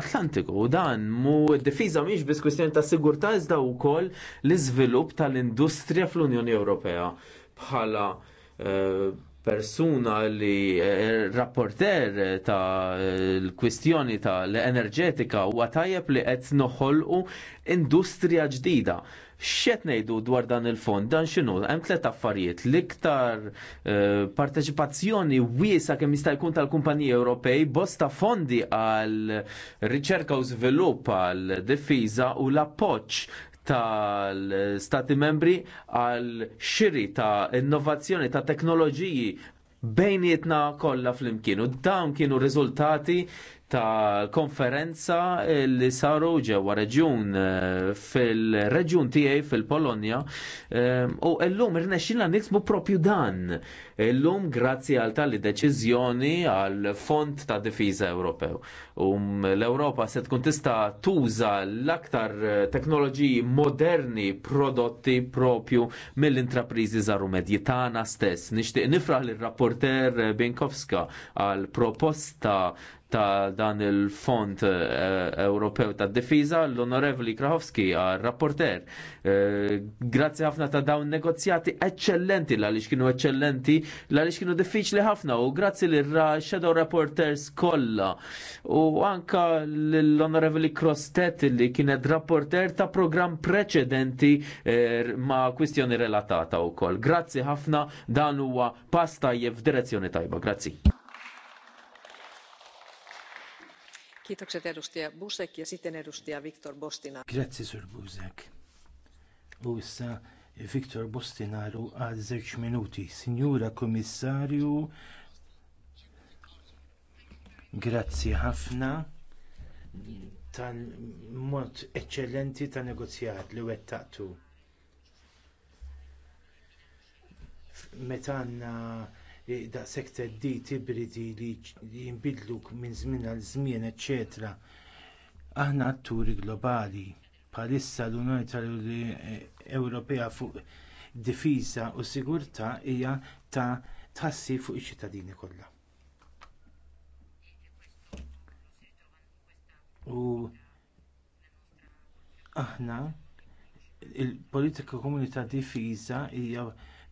Atlantiku. U dan mu difiża mhix biss kwistjoni ta' sigurtà iżda wkoll l-iżvilupp tal-industrija fl-Unjoni Ewropea bħala eh, persuna li eh, rapporter ta' l-kwistjoni ta' l-enerġetika huwa tajjeb li qed noħolqu industrija ġdida X'qed ngħidu dwar dan il-fond? Dan x'inhu? Hemm tliet affarijiet. L-iktar eh, parteċipazzjoni wiesa kemm jista' jkun tal-kumpaniji Ewropej bosta fondi għal riċerka u żvilupp għal difiża u l-appoġġ tal-stati membri għal xiri ta' innovazzjoni ta' teknoloġiji bejnietna kollha flimkien u dawn kienu riżultati ta' konferenza li saru ġewwa reġjun eh, fil-reġjun tiegħi fil-Polonja eh, u llum irnexxilna niksbu propju dan. Illum grazzi għal tali deċiżjoni għal Fond ta' Difiża Ewropew. U um, l-Ewropa se tkun tista' tuża l-aktar eh, teknoloġiji moderni prodotti propju mill-intrapriżi żaru medji tagħna stess. Nixtieq nifraħ lir rapporter Binkowska għal proposta ta' dan il-Fond eh, Ewropew ta' Difiża l-Onorevoli Krahowski rapporter. Eh, grazzi ħafna ta' dawn negozjati eccellenti għaliex kienu eccellenti, għaliex kienu diffiċli ħafna u grazzi l shadow reporters kollha u anka l-Onorevoli Krostet li kienet rapporter ta' program preċedenti eh, ma' kwistjoni relatata wkoll. Grazzi ħafna dan huwa pasta jew f'direzzjoni tajba. Grazzi. Kiitokset edustaja Busek ja sitten edustaja Viktor Bostina. Grazzi sur Busek. U issa Viktor Bostinaru għal żewġ minuti. Signora Komissarju, grazie ħafna tal-mod eċċellenti ta' negozjat li wettaqtu. Metanna uh, da' sekter di tibridi li jinbidlu minn żmien għal żmien, eċċetera. Aħna atturi globali bħalissa l-Unjoni tal-Ewropea fuq difiża u sigurtà hija ta' tassi fuq iċ-ċittadini kollha. U aħna il-politika komunità difiża hija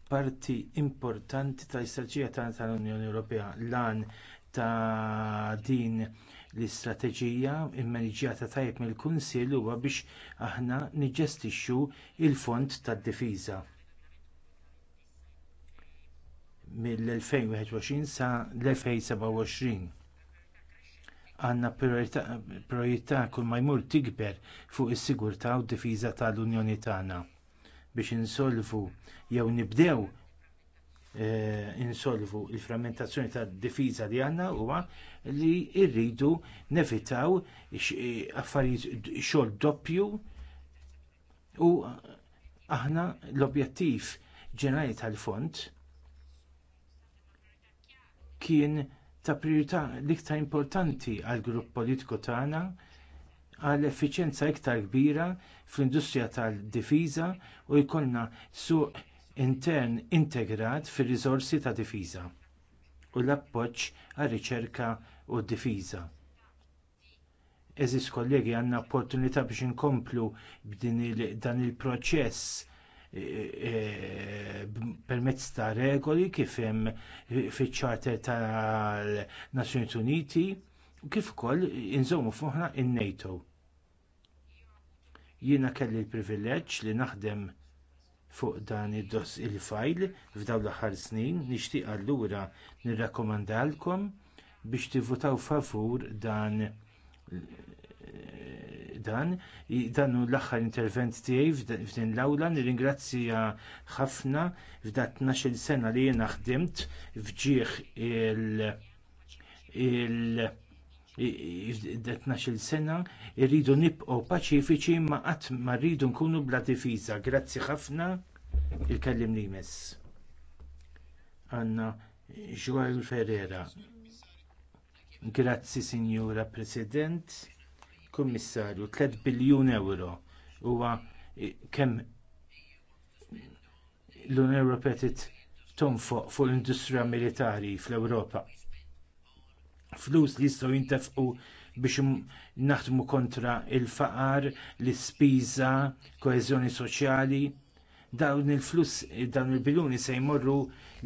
parti importanti tal-istraġija tal-Unjoni Ewropea lan ta' din l-istrateġija immaniġjata tajjeb mill-Kunsill huwa biex aħna niġġestixxu l fond tad-difiża. Mill-2021 sa l-2027 għandna priorità kull ma jmur tikber fuq is-sigurtà u d-difiża tal-Unjoni tagħna biex insolvu jew nibdew eh, insolvu l frammentazzjoni tad difiża li għandna huwa li rridu nevitaw eh, affarijiet xogħol doppju u aħna l-objettiv ġenerali tal-fond kien ta' priorità l-iktar importanti għall grupp politiku tagħna għal effiċjenza iktar kbira fl-industrija tal-difiża u jkollna suq intern integrat fir-riżorsi ta' difiża u l-appoġġ għar riċerka u d-difiża. Eżis kollegi għandna opportunità biex inkomplu dan il-proċess e, e, permezz ta' regoli kif hemm fiċ ċarter tal-Nazzjonijiet Uniti kif ukoll inżommu f'moħħna in-NATO. Jiena kelli l-privileġġ li naħdem fuq dan id-dos il-fajl f'dawn l-aħħar snin nixtieq allura nirrakkomandalkom biex tivvutaw favur dan dan dan hu l-aħħar intervent tiegħi f'din l-awla nirringrazzja ħafna f'da 12-il sena li jiena ħdimt fġieħ il-, il il sena irridu nibqgħu paċifiċi ma qatt ma rridu nkunu bla difiża. Grazzi ħafna il-kellim li jmiss. Anna Joel Ferrera. Grazzi Sinjura President, Kummissarju, 3 biljun euro huwa eh, kemm l-Unjoni Ewropea tonfoq fuq l-industrija militari fl-Ewropa flus li jistgħu jintefqu biex naħdmu kontra il faqar l-ispiża, koeżjoni soċjali. Dawn il-flus, dawn il-biluni se jmorru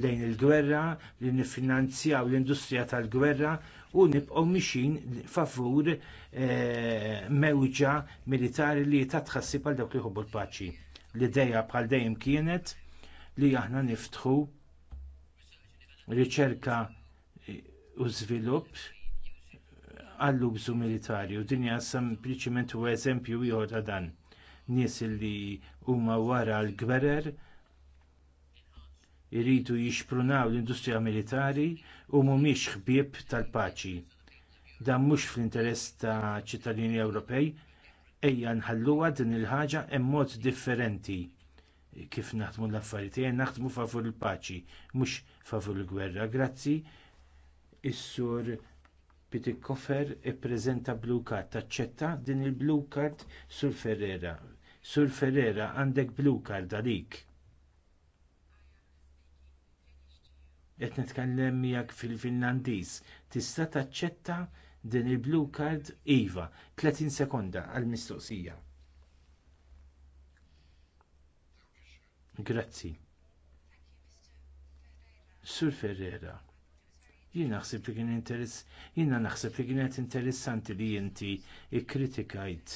lejn il-gwerra, li niffinanzjaw l-industrija tal-gwerra u nibqgħu mixin favur eh, mewġa militari li ta' tħassib għal dawk li jħobbu l-paċi. L-ideja bħal dejjem kienet li aħna niftħu riċerka u żvilupp għall-użu militari Din hija sempliċiment u eżempju ieħor ta' dan. Nies li huma wara l-gwerer iridu jixprunaw l-industrija militari u mhumiex ħbieb tal-paċi. Dan mhux fl-interess ta' ċittadini Ewropej ejja nħalluha din il-ħaġa hemm mod differenti kif naħdmu l-affarijiet, naħdmu favur il-paċi, mhux favur il-gwerra. Grazzi Is-sur Pitikoffer ippreżenta blue card. Taċċetta din il-blue card sur Ferrera. Sur Ferrera għandek blue card għalik. Qed nitkellem miegħek fil-Finlandiż. Tista' taċċetta din il-blue card iva 30 sekonda għall mistoqsija Grazzi. Sur Ferrera. Jiena naħseb li kien interess, naħseb li kienet interessanti li inti ikkritikajt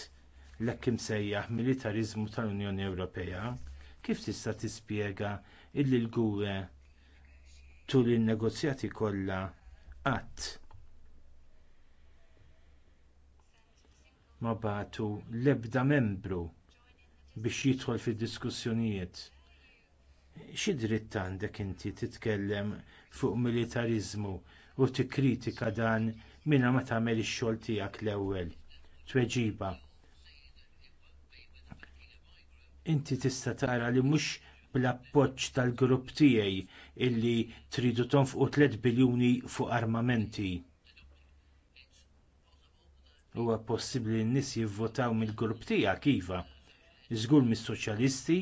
l-ekkim sejjaħ militarizmu tal-Unjoni Ewropea. Kif tista' tispjega illi l-gure tul in-negozjati kollha qatt ma bagħtu l-ebda membru biex jidħol fid-diskussjonijiet. Xi dritt għandek inti titkellem fuq militariżmu u tikkritika dan minna ma tagħmel ix-xogħol tiegħek l-ewwel. Tweġiba. Inti tista' tara li mhux bl-appoġġ tal-grupp tiegħi illi tridu tonfqu 3 biljuni fuq armamenti. Huwa possibbli n-nies jivvotaw mill-grupp tiegħek iva. Iżgur mis-soċjalisti,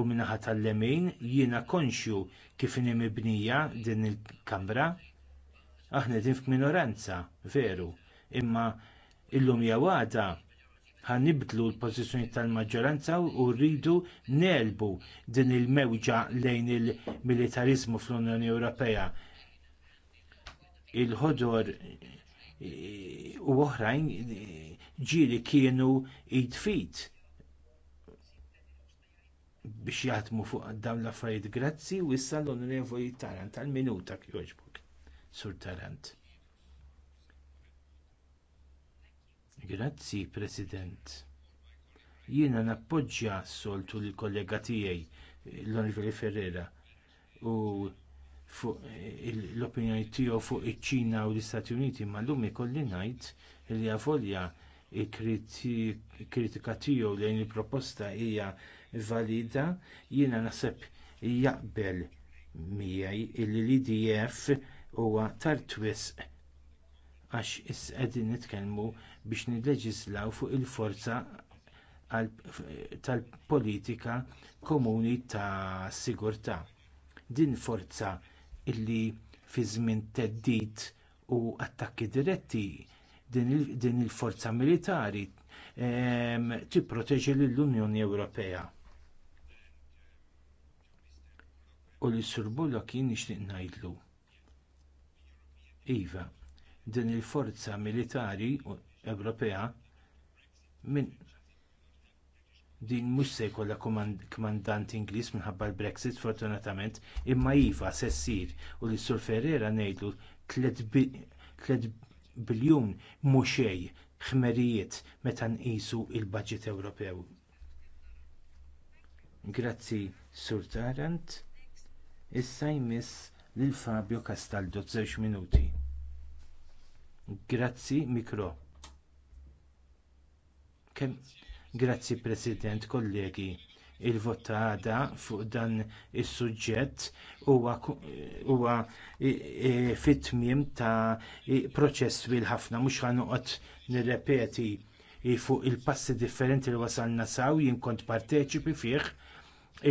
u min-naħa tal-lemin jiena konxju kif inhi mibnija din il-kamra aħna din f'minoranza veru imma illum hija għada nibdlu l-pożizzjoni tal-maġġoranza u rridu nelbu din il-mewġa lejn il-militarizmu fl-Unjoni Ewropea. Il-ħodor eh, u oħrajn eh, ġieli kienu id-fit biex jaħdmu fuq dawn l-affarijiet grazzi u issa l-onorevoli Tarant għal minuta kjoġbuk. Sur Tarant. Grazzi, President. Jiena nappoġġja soltu l-kollega tiegħi l-Onorevoli Ferrera u fuq eh, l-opinjoni tiegħu fuq iċ-Ċina u l-Istati Uniti ma llum ikolli ngħid li avolja kritika tiegħu lejn il-proposta hija valida jiena naħseb jaqbel miegħi li l-IDF huwa tard wisq għax is qegħdin nitkellmu biex nilleġislaw fuq il-forza tal-politika komuni ta' sigurtà. Din forza illi fi żmien theddid u attakki diretti din il-forza militari ehm, tipproteġi lill-Unjoni Ewropea u li surbulla kien nixtieq ngħidlu. Iva, din il-forza militari Ewropea minn din mhux se jkollha kmandant Ingliż minħabba l-Brexit fortunatament imma iva se ssir u li sur Ferrera ngħidlu tliet biljun mhux ħmerijiet meta nqisu l budget Ewropew. Grazzi Sur Tarant. Issa jmiss lil Fabio Castaldo żewġ minuti. Grazzi mikro. Kem... Grazzi President, kollegi. Il-vot għadha fuq dan is-suġġett huwa fit-tmiem ta' proċess wil ħafna mhux ħanoqgħod nirrepeti fuq il-passi differenti li wasalna saw jien kont parteċipi fih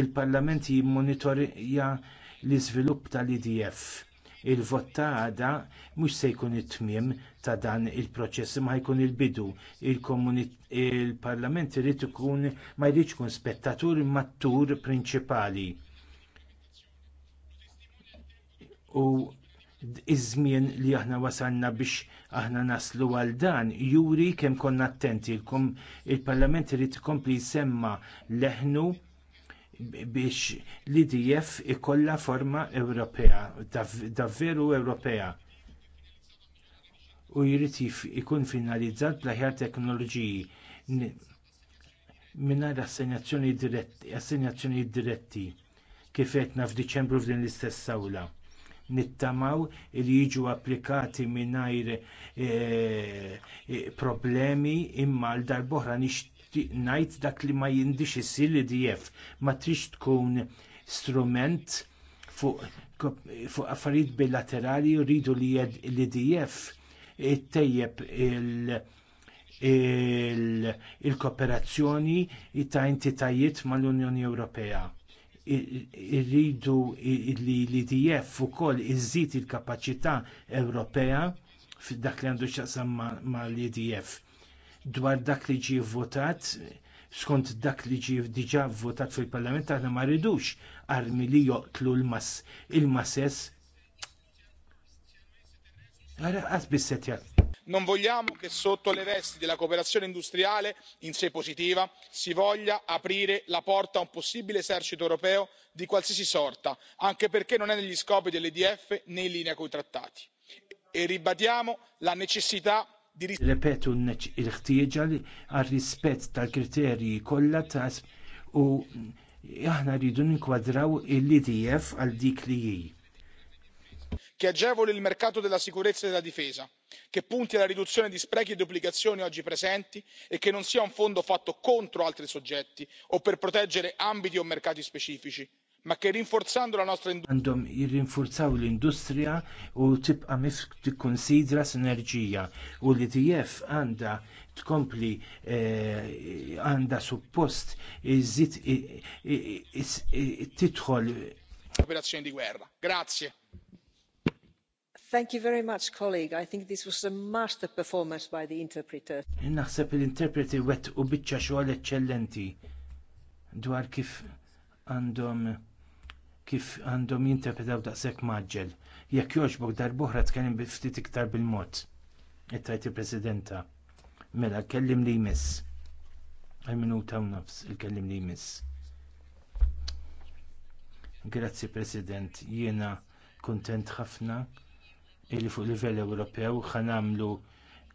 il-Parlament jimmonitorja l-iżvilupp tal-IDF. Il-vot ta' għada mhux se jkun it-tmiem ta' dan il-proċess ma jkun il-bidu. Il-Parlament irid ikun ma jridx ikun spettatur imma tur prinċipali. U iż-żmien li aħna wasalna biex aħna naslu għal dan juri kemm konna attenti il-parlament irid ikompli jsemma leħnu biex l-IDF ikollha forma Ewropea, davveru Ewropea. U jrid ikun finalizzat bl-aħjar teknoloġiji mingħajr assenjazzjoni diretti, diretti kif qedna f'Diċembru f'din l-istess awla. Nittamaw li jiġu applikati mingħajr eh, eh, problemi imma l darboħra nix nixtieq ngħid dak li ma jindix issir li DF ma trix tkun strument fuq fu affarijiet bilaterali rridu li l-IDF ittejjeb il- il-kooperazzjoni il ta' entitajiet mal-Unjoni Ewropea irridu li l-IDF ukoll iżżid il kapaċità Ewropea f'dak li għandu xaqsam mal-IDF dwar dak li ġie votat skont dak li ġie diġà votat fil-parlament aħna ma rridux armi li joqtlu il-masses Ara għazbis setjat. Non vogliamo che sotto le vesti della cooperazione industriale in sé positiva si voglia aprire la porta a un possibile esercito europeo di qualsiasi sorta, anche perché non è negli scopi dell'EDF né in linea con i trattati e ribadiamo la necessità Ripetu il-ħtieġa għal rispett tal-kriterji kollha Tas u aħna rridu ninkwadraw il-IDF għal dik li hi che agevoli il mercato della sicurezza e della difesa che punti alla riduzione di sprechi e duplicazioni oggi presenti e che non sia un fondo fatto contro altri soggetti o per proteggere ambiti o mercati specifici ma kien rinforzando la nostra industria. Għandhom jirrinforzaw l-industrija u tibqa' mif tikkonsidra sinerġija u li itf għandha tkompli eh, għandha suppost iżid tidħol. Operazzjoni di guerra. Grazie. Thank you very much, colleague. I think this was a master performance by the interpreter. Naħseb l-interpreti wet u biċċa xogħol eċċellenti dwar kif għandhom kif għandhom jinterpretaw daqshekk maġġel. Jekk jogħġbok darb'oħra tkellim ftit iktar bil-mod. Ittajt il-Presidenta. Mela, kellim li jmiss. Għal minuta taw nofs, il-kellim li jmiss. Grazzi President, jiena kuntent ħafna illi fuq livell Ewropew ħanamlu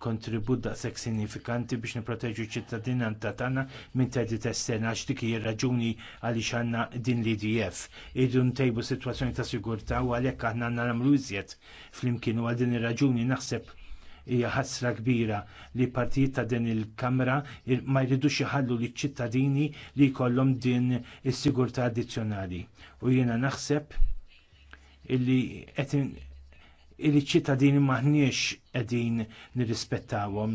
kontribut daqshekk sinifikanti biex nipproteġu ċ-ċittadinanza tagħna minn tedit estern għax dik hija raġuni għaliex għandna din l-IDF. Iridu ntejbu sitwazzjoni ta' sigurtà u għalhekk aħna għandna nagħmlu iżjed flimkien u għal din ir-raġuni naħseb hija ħasra kbira li partijiet ta' din il-Kamra ma jridux iħallu liċ ċittadini li jkollhom din is-sigurtà addizzjonali. U jiena naħseb illi qed il-ċittadini maħniex qegħdin nirrispettawhom.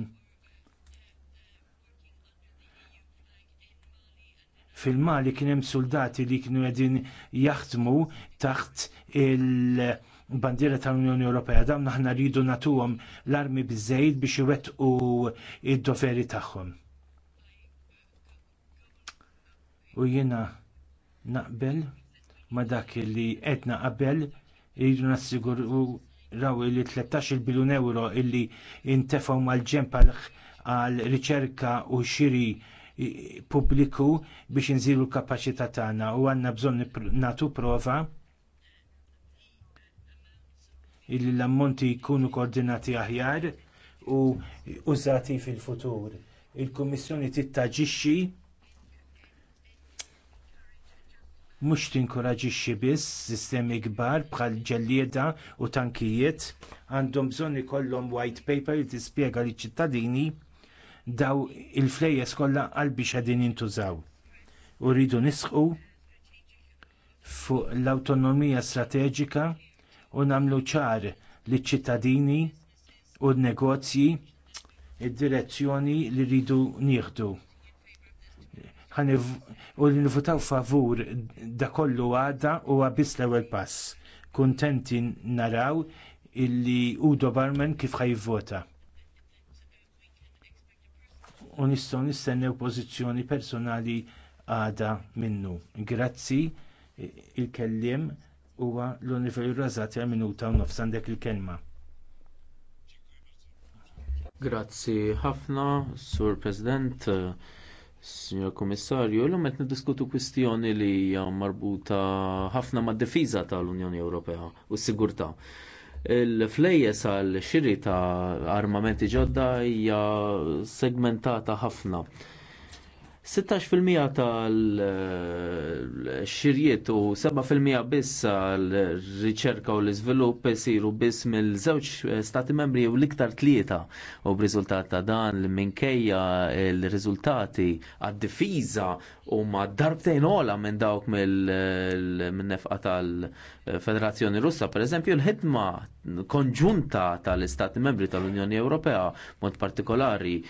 Fil-Mali kien hemm soldati li kienu qegħdin jaħdmu taħt il- bandiera tal-Unjoni Ewropea dawn aħna rridu nagħtuhom l-armi biżżejjed biex iwettqu id-doveri tagħhom. U jiena naqbel ma dak li qedna qabel irridu nassiguru raw li 13 biljun euro illi intefaw mal-ġempal għal riċerka u xiri pubbliku biex nżilu l-kapaċità tagħna u għandna bżonn nagħtu prova illi l-ammonti jkunu koordinati aħjar u użati fil-futur. Il-Kummissjoni tittaġixxi mhux tinkoraġixxi biss sistemi kbar bħal ġellieda u tankijiet għandhom bżonn ikollhom white paper li tispjega liċ ċittadini daw il-flejjes kollha għal biex qegħdin jintużaw. U rridu nisħu fuq l-awtonomija strateġika u nagħmlu ċar liċ ċittadini u n-negozji id-direzzjoni li rridu nieħdu u li nivutaw favur da kollu għada u għabis l-ewel pass. Kuntenti naraw illi Udo Barman kif ħajvota. U nistgħu nistennew pożizzjoni personali għada minnu. Grazzi il-kellim huwa l-Univer Razzati għal minuta u nofs għandek il-kelma. Grazzi ħafna, Sur President. Signor Kommissarju, l-lum qed niddiskutu kwistjoni li hija marbuta ħafna mad-difiża tal-Unjoni Ewropea u s-sigurtà. Il-flejjes għal xiri ta' armamenti ġodda hija segmentata ħafna 16% tal-xirjiet eh, u 7% biss tal riċerka u l-izvilupp isiru biss mill-żewġ eh, stati membri u l-iktar tlieta u b'riżultat ta' dan minkejja l-riżultati għad-difiża u ma darbtejn ola minn dawk mill-nefqa eh, tal-Federazzjoni Russa, per eżempju, l-ħidma konġunta tal-Istati membri tal-Unjoni Ewropea, mod partikolari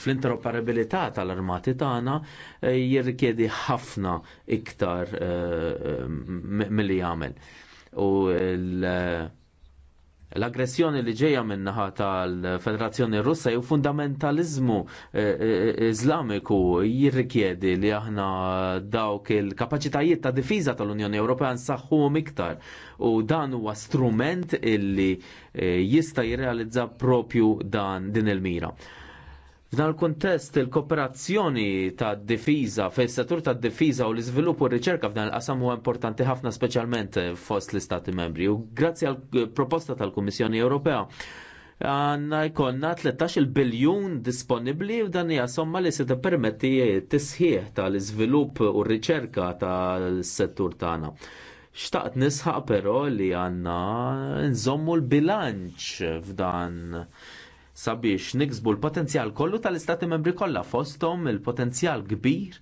fl-interoperabilità tal-armati tagħna Eh, jirrikjedi ħafna iktar eh, eh, milli jagħmel. U l-aggressjoni li ġeja minnaħa tal-Federazzjoni Russa jew fundamentalizmu Iżlamiku jirrikjedi li aħna dawk il-kapaċitajiet ta' difiża tal-Unjoni Ewropea nsaħħuhom iktar u dan huwa strument illi jista' jirrealizza propju dan din il-mira. F'dan il-kuntest il-kooperazzjoni ta' difiża fis-settur ta' difiża u l-iżvilupp u r-riċerka f'dan il-qasam huwa importanti ħafna speċjalment eh, fost l-Istati membri u grazzi għall eh, proposta tal-Kummissjoni Ewropea għanna jkonna 13 biljun disponibli u dan hija somma li se permetti tisħieħ tal-iżvilupp u r-riċerka tal-settur tagħna. Xtaqt nisħaq però li għanna nżommu l-bilanċ f'dan sabiex niksbu l-potenzjal kollu tal-istati membri kollha fosthom il-potenzjal kbir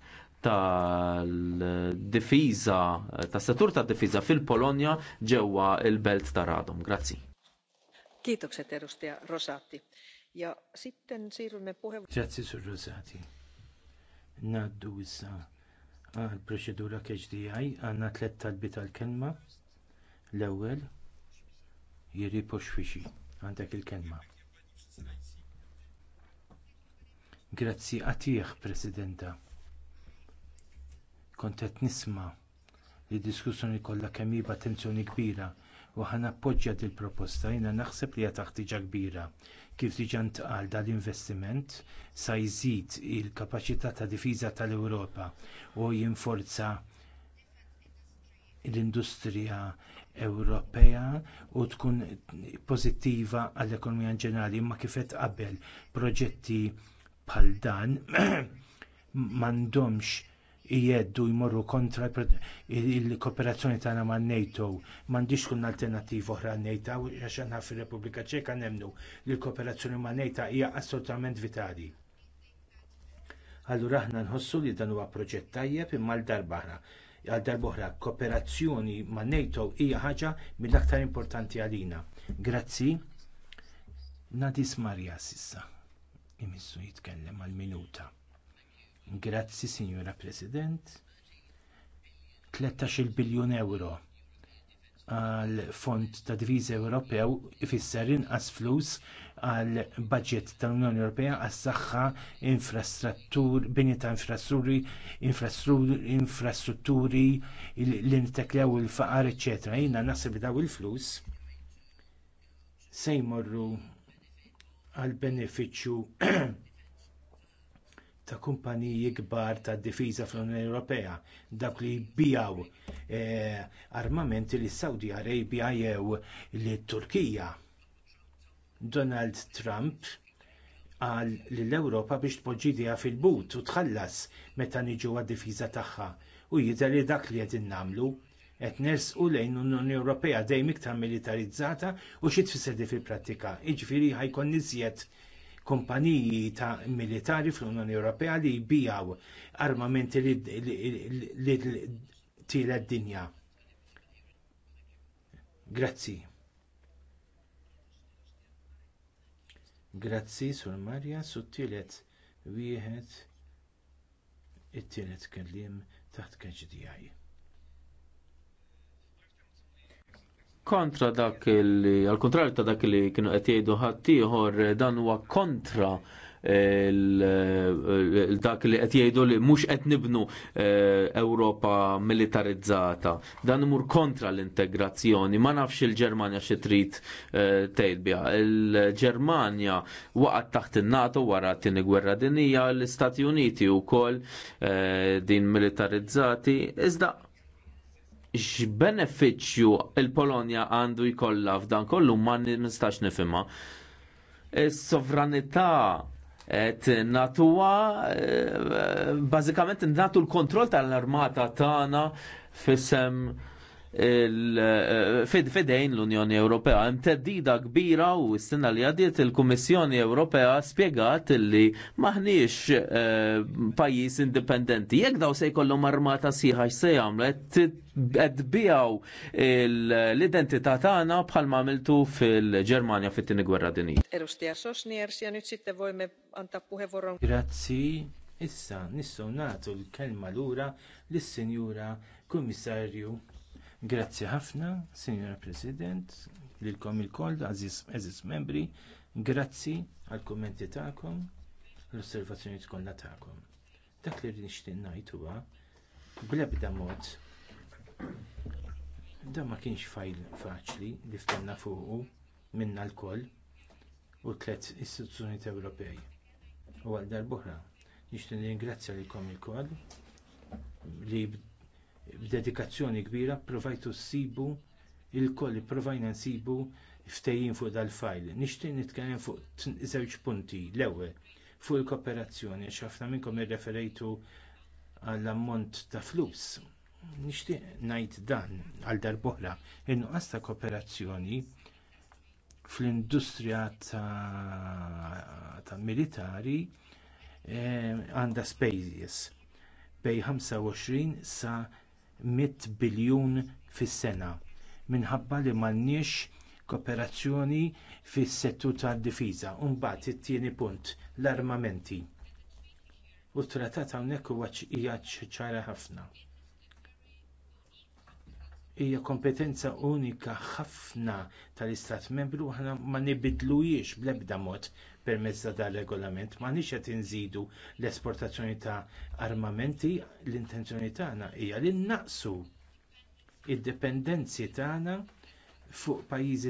tal-difiża, tas-settur tad-difiża fil-Polonja ġewwa il-belt ta' Radom. Grazzi. Kiitokset edustaja Rosati. Ja sitten siirrymme puheenvuoroon. Grazzi sur Rosati. Naddu issa għal proċedura KHDI għandna tliet talbi tal-kelma. L-ewwel jiri xfixi għandek il-kelma. Grazzi għatih, Presidenta. Kont qed nisma li d diskussjoni kollha kemm iba attenzjoni kbira u ħan appoġġja il proposta jiena naħseb li hija taħtiġa kbira. Kif diġà ntqal dan l-investiment sa jżid il-kapaċità ta' difiża tal-Ewropa u jinforza l-industrija Ewropea u tkun pożittiva għall-ekonomija ġenerali imma kif qed qabel proġetti bħal dan m'għandhomx jgħeddu jmorru kontra il-kooperazzjoni tagħna man NATO. M'għandix kun alternattiv oħra NATO għax aħna fir-Repubblika Ċeka nemmnu li l-kooperazzjoni man NATO hija assolutament vitali. Allura aħna nħossu li dan huwa proġett tajjeb imma l-darba għal darbohra kooperazzjoni ma' NATO hija ħaġa mill-aktar importanti għalina. Grazzi. Nadis Marjas issa imissu jitkellem għal minuta. Grazzi, Signora President. 13 biljun euro għal fond ta' diviżi Ewropew ifisser inqas flus għal budget tal-Unjoni Ewropea għas saħħa infrastruttur, bini ta' infrastrutturi, infrastrutturi l nteklew il-faqar, eċetera. Jiena naħseb daw il-flus se jmorru għall benefiċċju ta' kumpaniji kbar tad difiża fl-Unjoni Ewropea dawk li jbijaw eh, armamenti lis Saudi Arabia jew lit Turkija. Donald Trump qal li l-Ewropa biex tpoġġi tpoġġidija fil-but u tħallas meta niġu għad-difiża tagħha u jidher li dak li qegħdin nagħmlu qed nersqu lejn l-Unjoni Ewropea dejjem iktar militarizzata u xi tfisser fil-prattika. Jiġifieri ħajkun niżjed kumpaniji ta' militari fl-Unjoni Ewropea li jbijaw armamenti li tielet dinja. Grazzi. Grazzi sur Marja suttilet wieħed it-tielet kelliem taħt keġdijaj. kontra dak li, al kontrarju ta' dak li kienu qed jgħidu ħaddieħor dan huwa kontra dak li qed jgħidu li mhux qed nibnu e, Ewropa militarizzata. Dan imur kontra l-integrazzjoni. Ma nafx il-Ġermanja xi trid e, tgħid biha. Il-Ġermanja waqgħet taħt in-NATO wara t-tieni gwerra dinija l-Istati Uniti wkoll e, din militarizzati. Iżda x'benefiċċju il-Polonja għandu jkollha f'dan kollu ma nistax nifhimha. Is-sovranità et natuwa eh, bażikament natu l-kontroll tal-armata tagħna fisem Eh, fidejn l-Unjoni Ewropea. Hemm teddida kbira u s-sena li għadiet il-Kummissjoni Ewropea spjegat li maħniex pajis eh, pajjiż indipendenti. Jekk daw se jkollhom armata sieħa se jagħmlu qed bijaw l-identità tagħna bħal għamiltu fil-Ġermanja fit-tieni gwerra dinjija. Grazzi. Issa nistgħu nagħtu l-kelma lura l sinjura Kummissarju Grazzi ħafna, Signora President, lilkom il-koll, għaziz membri, grazzi għall kummenti tagħkom, l-osservazzjonijiet kollha tagħkom. Dak li nixtieq ngħid huwa bl-ebda mod dan ma kienx fajl faċli li ftenna fuqu minna lkoll u tliet istituzzjonijiet Ewropej. U għal oħra, nixtieq ringrazzja lilkom ilkoll li b'dedikazzjoni kbira provajtu ssibu il-kolli provajna nsibu ftejjin fuq dal-fajl. Nixtieq nitkellem fuq żewġ punti. L-ewwel fuq il-kooperazzjoni għax ħafna minnkom irreferejtu għall-ammont ta' flus. Nixtieq ngħid dan għal darbohra in-nuqqas ta' kooperazzjoni fl-industrija ta', militari eh, għandha e, spejjeż bejn 25 sa' 100 biljun fis-sena minħabba li m'għandniex kooperazzjoni fis-settur tad-difiża. U mbagħad it-tieni punt l-armamenti. U t-tratat hawnhekk huwa hija ċara ħafna. Hija kompetenza unika ħafna tal-Istat Membru aħna ma nibidlujiex bl-ebda mod permezz ta' dan regolament ma nix qed inżidu l-esportazzjoni ta' armamenti l-intenzjoni tagħna hija li naqsu id dependenzi tagħna fuq pajjiżi